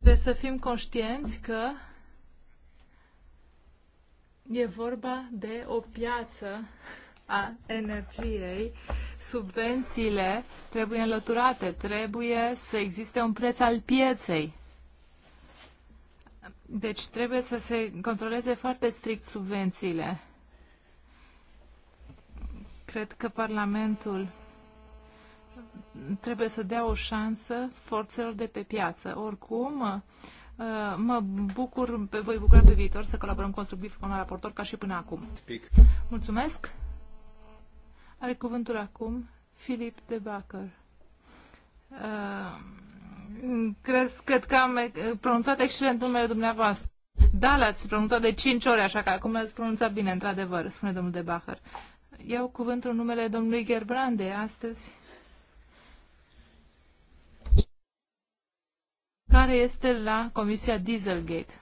Trebuie să fim conștienți că e vorba de o piață a energiei, subvențiile trebuie înlăturate, trebuie să existe un preț al pieței. Deci trebuie să se controleze foarte strict subvențiile. Cred că Parlamentul trebuie să dea o șansă forțelor de pe piață. Oricum, uh, mă bucur, pe voi bucura pe viitor să colaborăm constructiv cu un raportor ca și până acum. Speak. Mulțumesc. Are cuvântul acum Filip de Bacăr. Cred, uh, cred că am uh, pronunțat excelent numele dumneavoastră. Da, l-ați pronunțat de 5 ori, așa că acum l-ați pronunțat bine, într-adevăr, spune domnul de Bacăr iau cuvântul în numele domnului Gerbrande astăzi, care este la Comisia Dieselgate.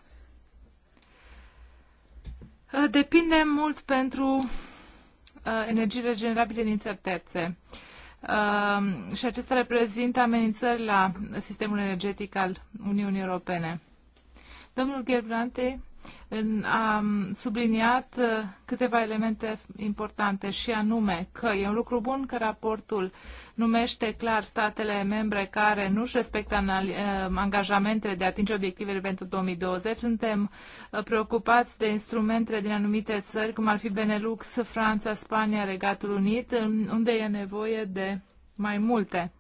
Uh, depinde mult pentru uh, energii regenerabile din terțe. Uh, și acestea reprezintă amenințări la sistemul energetic al Uniunii Europene. Domnul Gerbrande am subliniat uh, câteva elemente importante și anume că e un lucru bun că raportul numește clar statele membre care nu își respectă uh, angajamentele de a atinge obiectivele pentru 2020. Suntem uh, preocupați de instrumentele din anumite țări, cum ar fi Benelux, Franța, Spania, Regatul Unit, unde e nevoie de mai multe.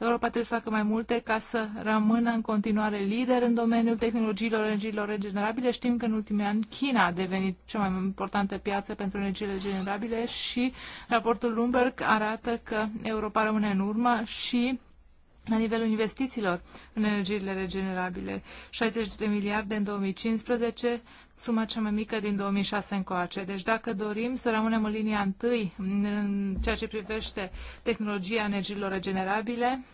Europa trebuie să facă mai multe ca să rămână în continuare lider în domeniul tehnologiilor energiilor regenerabile. Știm că în ultimii ani China a devenit cea mai importantă piață pentru energiile regenerabile și raportul Bloomberg arată că Europa rămâne în urmă și la nivelul investițiilor în energiile regenerabile, 60 de miliarde în 2015, suma cea mai mică din 2006 încoace. Deci dacă dorim să rămânem în linia întâi în ceea ce privește tehnologia energiilor regenerabile,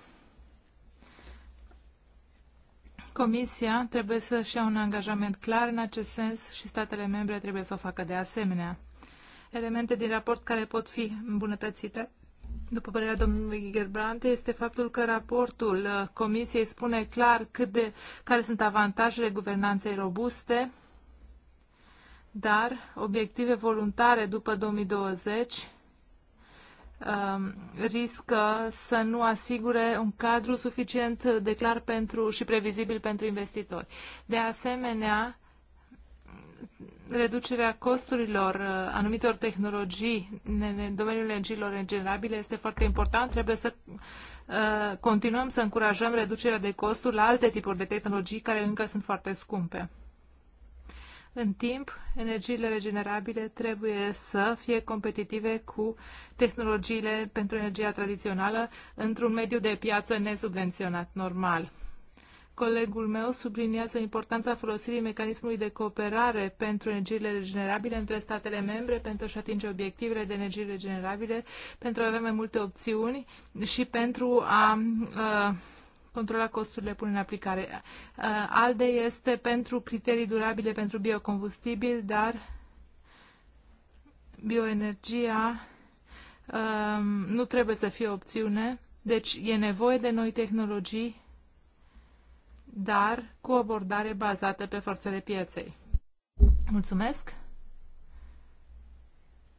Comisia trebuie să-și ia un angajament clar în acest sens și statele membre trebuie să o facă de asemenea. Elemente din raport care pot fi îmbunătățite după părerea domnului Gerbrante, este faptul că raportul uh, Comisiei spune clar cât de, care sunt avantajele guvernanței robuste dar obiective voluntare după 2020 um, riscă să nu asigure un cadru suficient de clar pentru, și previzibil pentru investitori. De asemenea, reducerea costurilor uh, anumitor tehnologii în domeniul energiilor regenerabile este foarte important. Trebuie să uh, continuăm să încurajăm reducerea de costuri la alte tipuri de tehnologii care încă sunt foarte scumpe. În timp, energiile regenerabile trebuie să fie competitive cu tehnologiile pentru energia tradițională într-un mediu de piață nesubvenționat normal. Colegul meu subliniază importanța folosirii mecanismului de cooperare pentru energiile regenerabile între statele membre pentru a-și atinge obiectivele de energie regenerabile, pentru a avea mai multe opțiuni și pentru a, a uh, controla costurile pune în aplicare. ALDE este pentru criterii durabile pentru biocombustibil, dar bioenergia um, nu trebuie să fie opțiune. Deci e nevoie de noi tehnologii, dar cu abordare bazată pe forțele pieței. Mulțumesc!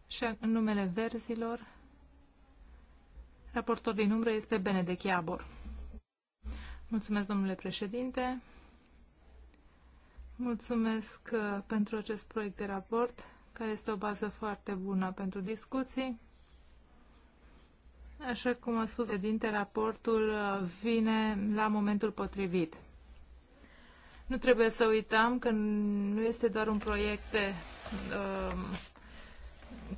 Și în numele verzilor, raportor din umbră este Benedek Iabor. Mulțumesc, domnule președinte. Mulțumesc uh, pentru acest proiect de raport, care este o bază foarte bună pentru discuții. Așa cum a spus președinte, raportul uh, vine la momentul potrivit. Nu trebuie să uităm că nu este doar un proiect de, uh,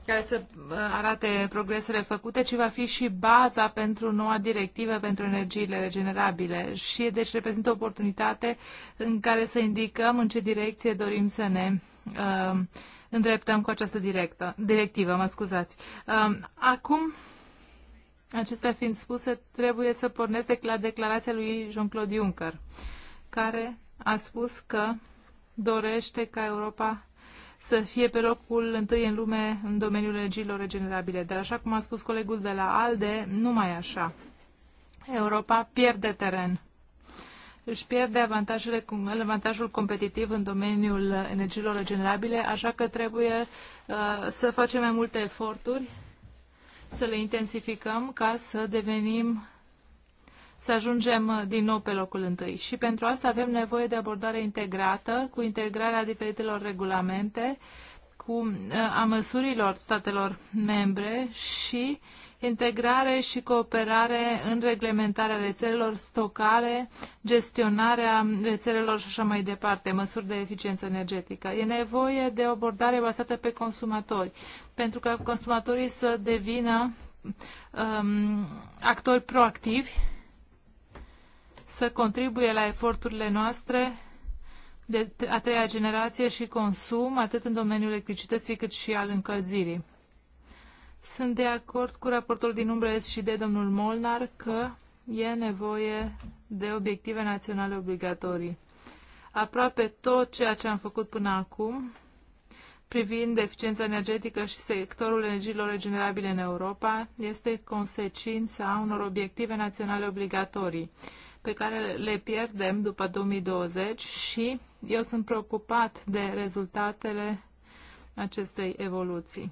care să uh, arate progresele făcute, ci va fi și baza pentru noua directivă pentru energiile regenerabile și deci reprezintă o oportunitate în care să indicăm în ce direcție dorim să ne uh, îndreptăm cu această directă, directivă. Mă scuzați. Uh, acum, acestea fiind spuse, trebuie să pornesc de la declarația lui Jean-Claude Juncker, care a spus că dorește ca Europa să fie pe locul întâi în lume în domeniul energiilor regenerabile. Dar așa cum a spus colegul de la ALDE, nu mai așa. Europa pierde teren. Își pierde avantajele, avantajul competitiv în domeniul energiilor regenerabile, așa că trebuie uh, să facem mai multe eforturi, să le intensificăm ca să devenim să ajungem uh, din nou pe locul întâi. Și pentru asta avem nevoie de abordare integrată, cu integrarea diferitelor regulamente, cu uh, a măsurilor statelor membre și integrare și cooperare în reglementarea rețelelor, stocare, gestionarea rețelelor și așa mai departe, măsuri de eficiență energetică. E nevoie de o abordare bazată pe consumatori, pentru că consumatorii să devină um, actori proactivi să contribuie la eforturile noastre de a treia generație și consum, atât în domeniul electricității cât și al încălzirii. Sunt de acord cu raportul din umbră și de domnul Molnar că e nevoie de obiective naționale obligatorii. Aproape tot ceea ce am făcut până acum privind eficiența energetică și sectorul energiilor regenerabile în Europa este consecința unor obiective naționale obligatorii pe care le pierdem după 2020 și eu sunt preocupat de rezultatele acestei evoluții.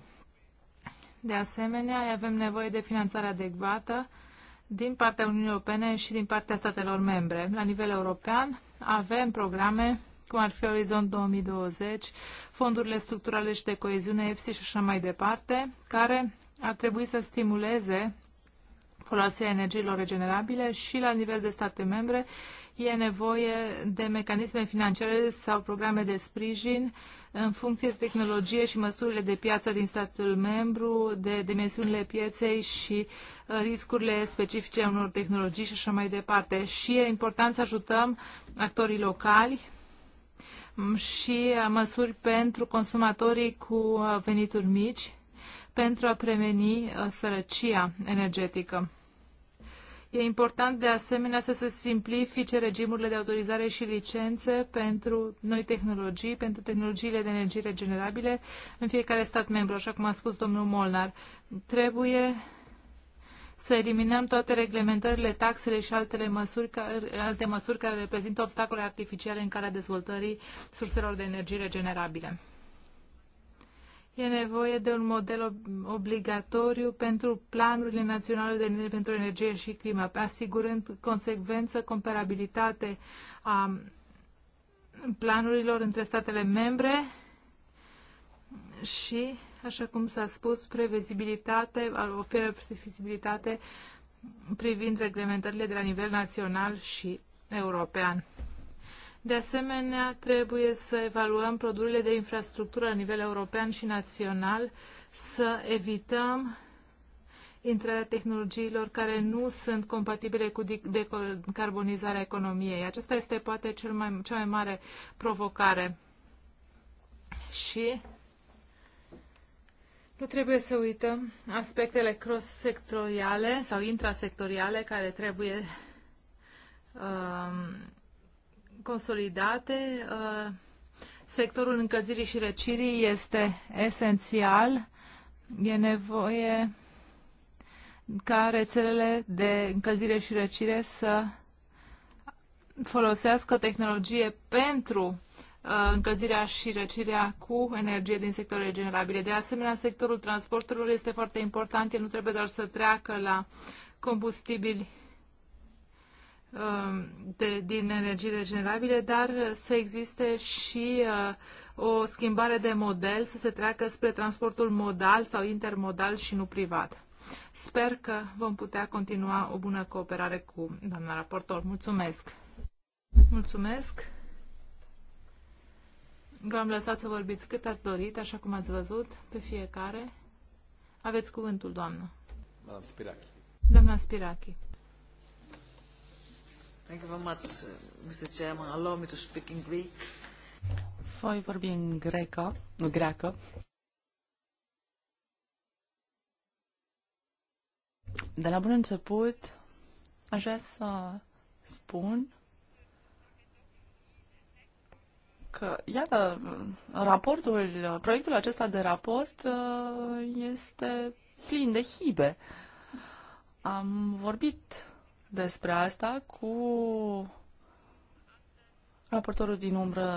De asemenea, avem nevoie de finanțare adecvată din partea Uniunii Europene și din partea statelor membre. La nivel european avem programe cum ar fi Orizont 2020, fondurile structurale și de coeziune EFSI și așa mai departe, care ar trebui să stimuleze folosirea energiilor regenerabile și la nivel de state membre e nevoie de mecanisme financiare sau programe de sprijin în funcție de tehnologie și măsurile de piață din statul membru, de dimensiunile pieței și uh, riscurile specifice unor tehnologii și așa mai departe. Și e important să ajutăm actorii locali mm, și uh, măsuri pentru consumatorii cu uh, venituri mici pentru a preveni uh, sărăcia energetică. E important de asemenea să se simplifice regimurile de autorizare și licențe pentru noi tehnologii, pentru tehnologiile de energie regenerabile în fiecare stat membru, așa cum a spus domnul Molnar. Trebuie să eliminăm toate reglementările, taxele și altele măsuri care, alte măsuri care reprezintă obstacole artificiale în calea dezvoltării surselor de energie regenerabile. E nevoie de un model obligatoriu pentru planurile naționale de energie pentru energie și climă, asigurând consecvență, comparabilitate a planurilor între statele membre și, așa cum s-a spus, previzibilitate, oferă previzibilitate privind reglementările de la nivel național și european. De asemenea, trebuie să evaluăm produsele de infrastructură la nivel european și național, să evităm intrarea tehnologiilor care nu sunt compatibile cu decarbonizarea economiei. Acesta este poate cel mai, cea mai mare provocare. Și nu trebuie să uităm aspectele cross-sectoriale sau intrasectoriale care trebuie uh, consolidate. Uh, sectorul încălzirii și răcirii este esențial. E nevoie ca rețelele de încălzire și răcire să folosească tehnologie pentru uh, încălzirea și răcirea cu energie din sectorul regenerabile. De asemenea, sectorul transporturilor este foarte important. El nu trebuie doar să treacă la combustibili Um, de, din energii regenerabile, dar să existe și uh, o schimbare de model, să se treacă spre transportul modal sau intermodal și nu privat. Sper că vom putea continua o bună cooperare cu doamna raportor. Mulțumesc! Mulțumesc! V-am lăsat să vorbiți cât ați dorit, așa cum ați văzut, pe fiecare. Aveți cuvântul, doamnă. Doamna Spirachi. Doamna Spirachi. Thank you very much, uh, Mr. Chairman. Allow me to speak in Greek. Voi vorbi în grecă, greacă. De la bun început, aș vrea să spun că, iată, raportul, proiectul acesta de raport uh, este plin de hibe. Am vorbit despre asta cu raportorul din umbră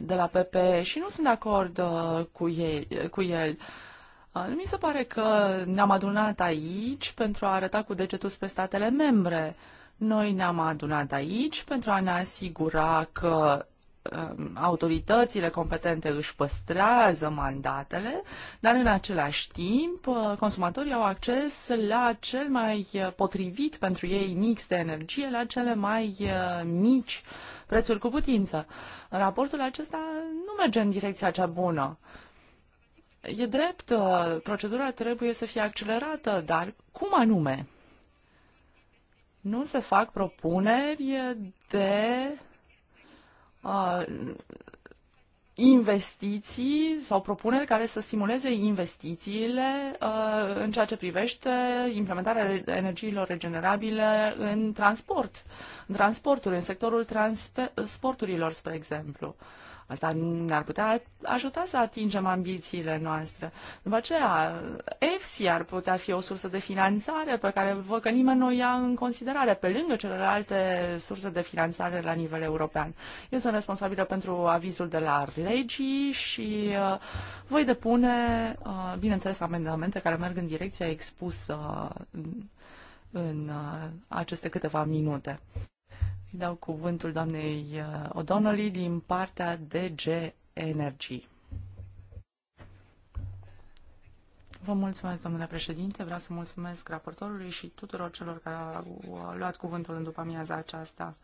de la PP și nu sunt de acord uh, cu, ei, cu el. Uh, mi se pare că ne-am adunat aici pentru a arăta cu degetul spre statele membre. Noi ne-am adunat aici pentru a ne asigura că Um, autoritățile competente își păstrează mandatele, dar în același timp uh, consumatorii au acces la cel mai uh, potrivit pentru ei mix de energie, la cele mai uh, mici prețuri cu putință. Raportul acesta nu merge în direcția cea bună. E drept, procedura trebuie să fie accelerată, dar cum anume? Nu se fac propuneri de Uh, investiții sau propuneri care să stimuleze investițiile uh, în ceea ce privește implementarea energiilor regenerabile în transport, în transporturi, în sectorul transporturilor, spre exemplu. Uh, Asta ne-ar putea ajuta să atingem ambițiile noastre. După aceea, EFSI ar putea fi o sursă de finanțare pe care văd că nimeni nu o ia în considerare, pe lângă celelalte surse de finanțare la nivel european. Eu sunt responsabilă pentru avizul de la legii și uh, voi depune, uh, bineînțeles, amendamente care merg în direcția expusă uh, în aceste câteva minute. Dau cuvântul doamnei uh, O'Donnelly din partea DG Energy. Vă mulțumesc, domnule președinte. Vreau să mulțumesc raportorului și tuturor celor care au luat cuvântul în după amiaza aceasta.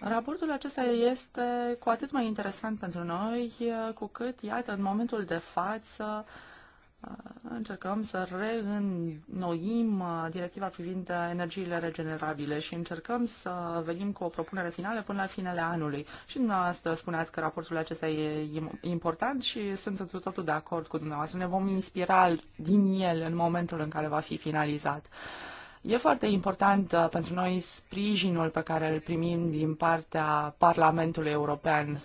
Raportul acesta este cu atât mai interesant pentru noi, uh, cu cât, iată, în momentul de față, uh, încercăm să reînnoim uh, directiva privind uh, energiile regenerabile și încercăm să venim cu o propunere finală până la finele anului. Și dumneavoastră spuneați că raportul acesta e important și sunt întru totul de acord cu dumneavoastră. Ne vom inspira din el în momentul în care va fi finalizat. E foarte important uh, pentru noi sprijinul pe care îl primim din partea Parlamentului European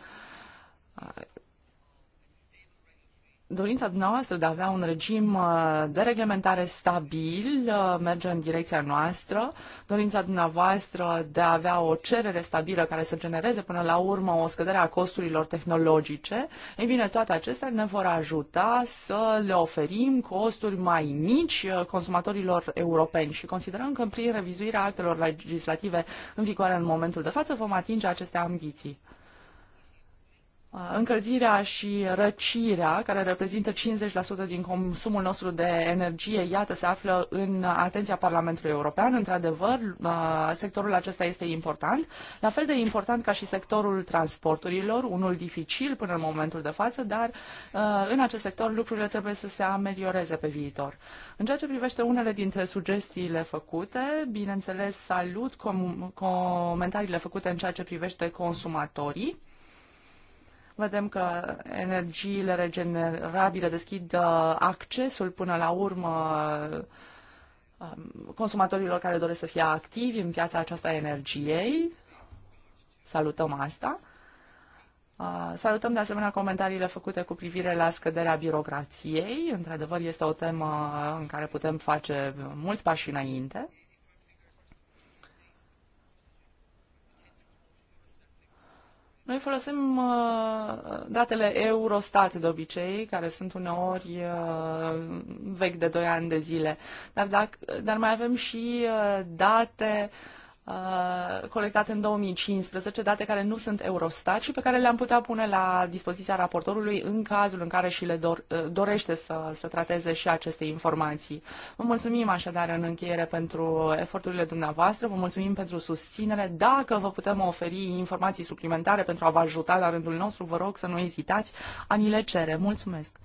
dorința dumneavoastră de a avea un regim uh, de reglementare stabil uh, merge în direcția noastră, dorința dumneavoastră de a avea o cerere stabilă care să genereze până la urmă o scădere a costurilor tehnologice, ei bine, toate acestea ne vor ajuta să le oferim costuri mai mici uh, consumatorilor europeni și considerăm că prin revizuirea actelor legislative în vigoare în momentul de față vom atinge aceste ambiții. Uh, încălzirea și răcirea, care reprezintă 50% din consumul nostru de energie, iată, se află în atenția Parlamentului European. Într-adevăr, uh, sectorul acesta este important, la fel de important ca și sectorul transporturilor, unul dificil până în momentul de față, dar uh, în acest sector lucrurile trebuie să se amelioreze pe viitor. În ceea ce privește unele dintre sugestiile făcute, bineînțeles, salut com- comentariile făcute în ceea ce privește consumatorii Vedem că energiile regenerabile deschid uh, accesul până la urmă um, consumatorilor care doresc să fie activi în piața aceasta a energiei. Salutăm asta. Uh, salutăm de asemenea comentariile făcute cu privire la scăderea birocrației. Într-adevăr, este o temă în care putem face mulți pași înainte. Noi folosim uh, datele Eurostat de obicei, care sunt uneori uh, vechi de 2 ani de zile, dar, dacă, dar mai avem și uh, date uh, Uh, colectate în 2015, date care nu sunt Eurostat și pe care le-am putea pune la dispoziția raportorului în cazul în care și le dor, uh, dorește să, să trateze și aceste informații. Vă mulțumim așadar în încheiere pentru eforturile dumneavoastră, vă mulțumim pentru susținere. Dacă vă putem oferi informații suplimentare pentru a vă ajuta la rândul nostru, vă rog să nu ezitați, ani le cere. Mulțumesc!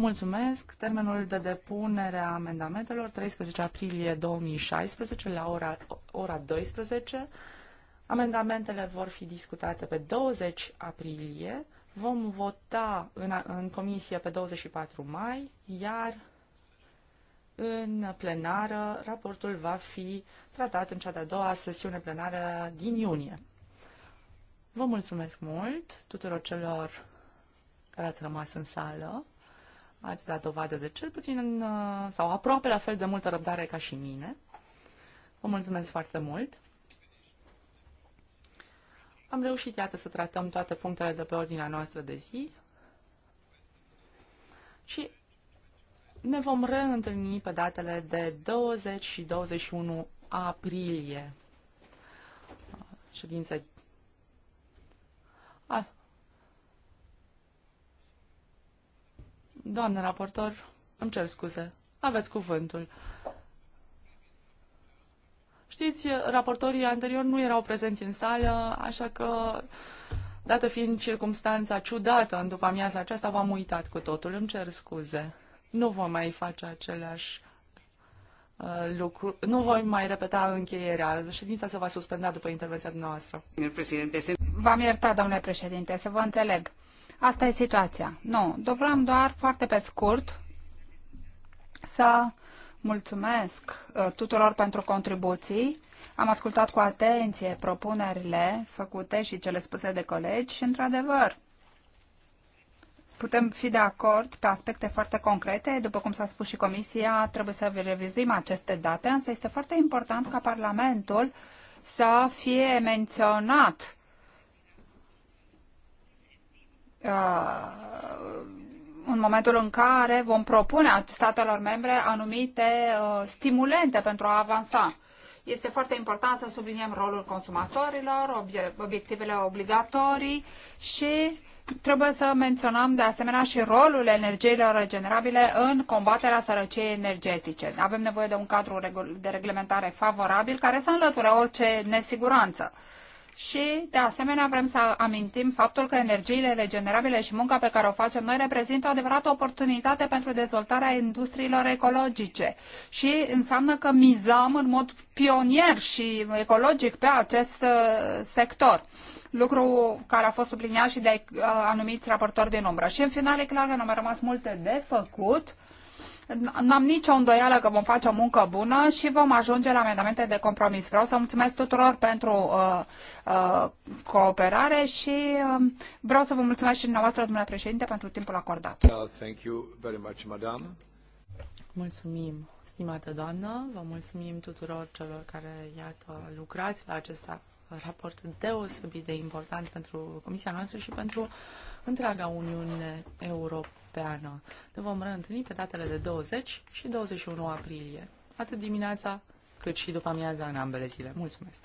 Mulțumesc. Termenul de depunere a amendamentelor 13 aprilie 2016 la ora, ora 12. Amendamentele vor fi discutate pe 20 aprilie. Vom vota în, în comisie pe 24 mai, iar în plenară raportul va fi tratat în cea de-a doua sesiune plenară din iunie. Vă mulțumesc mult tuturor celor care ați rămas în sală ați dat dovadă de cel puțin uh, sau aproape la fel de multă răbdare ca și mine. Vă mulțumesc foarte mult! Am reușit, iată, să tratăm toate punctele de pe ordinea noastră de zi și ne vom reîntâlni pe datele de 20 și 21 aprilie. Ședințe Doamnă raportor, îmi cer scuze. Aveți cuvântul. Știți, raportorii anterior nu erau prezenți în sală, așa că, dată fiind circumstanța ciudată în după amiaza aceasta, v-am uitat cu totul. Îmi cer scuze. Nu vom mai face aceleași uh, lucru. Nu voi mai repeta încheierea. Ședința se va suspenda după intervenția dumneavoastră. V-am iertat, domnule președinte, să vă înțeleg. Asta e situația. Nu, vreau doar foarte pe scurt să mulțumesc uh, tuturor pentru contribuții. Am ascultat cu atenție propunerile făcute și cele spuse de colegi și, într-adevăr, putem fi de acord pe aspecte foarte concrete. După cum s-a spus și Comisia, trebuie să revizuim aceste date, însă este foarte important ca Parlamentul să fie menționat Uh, în momentul în care vom propune statelor membre anumite uh, stimulente pentru a avansa. Este foarte important să subliniem rolul consumatorilor, obiectivele obligatorii și trebuie să menționăm de asemenea și rolul energiilor regenerabile în combaterea sărăciei energetice. Avem nevoie de un cadru de reglementare favorabil care să înlăture orice nesiguranță și, de asemenea, vrem să amintim faptul că energiile regenerabile și munca pe care o facem noi reprezintă o adevărată oportunitate pentru dezvoltarea industriilor ecologice și înseamnă că mizăm în mod pionier și ecologic pe acest uh, sector lucru care a fost subliniat și de uh, anumiți raportori din umbră. Și în final e clar că ne mai rămas multe de făcut N-am nicio îndoială că vom face o muncă bună și vom ajunge la amendamente de compromis. Vreau să mulțumesc tuturor pentru uh, uh, cooperare și uh, vreau să vă mulțumesc și dumneavoastră, domnule președinte, pentru timpul acordat. Uh, thank you very much, madam. Mulțumim, stimată doamnă, vă mulțumim tuturor celor care, iată, lucrați la acest raport deosebit de important pentru Comisia noastră și pentru întreaga Uniune Europeană an. Ne vom reîntâlni pe datele de 20 și 21 aprilie, atât dimineața cât și după amiaza în ambele zile. Mulțumesc!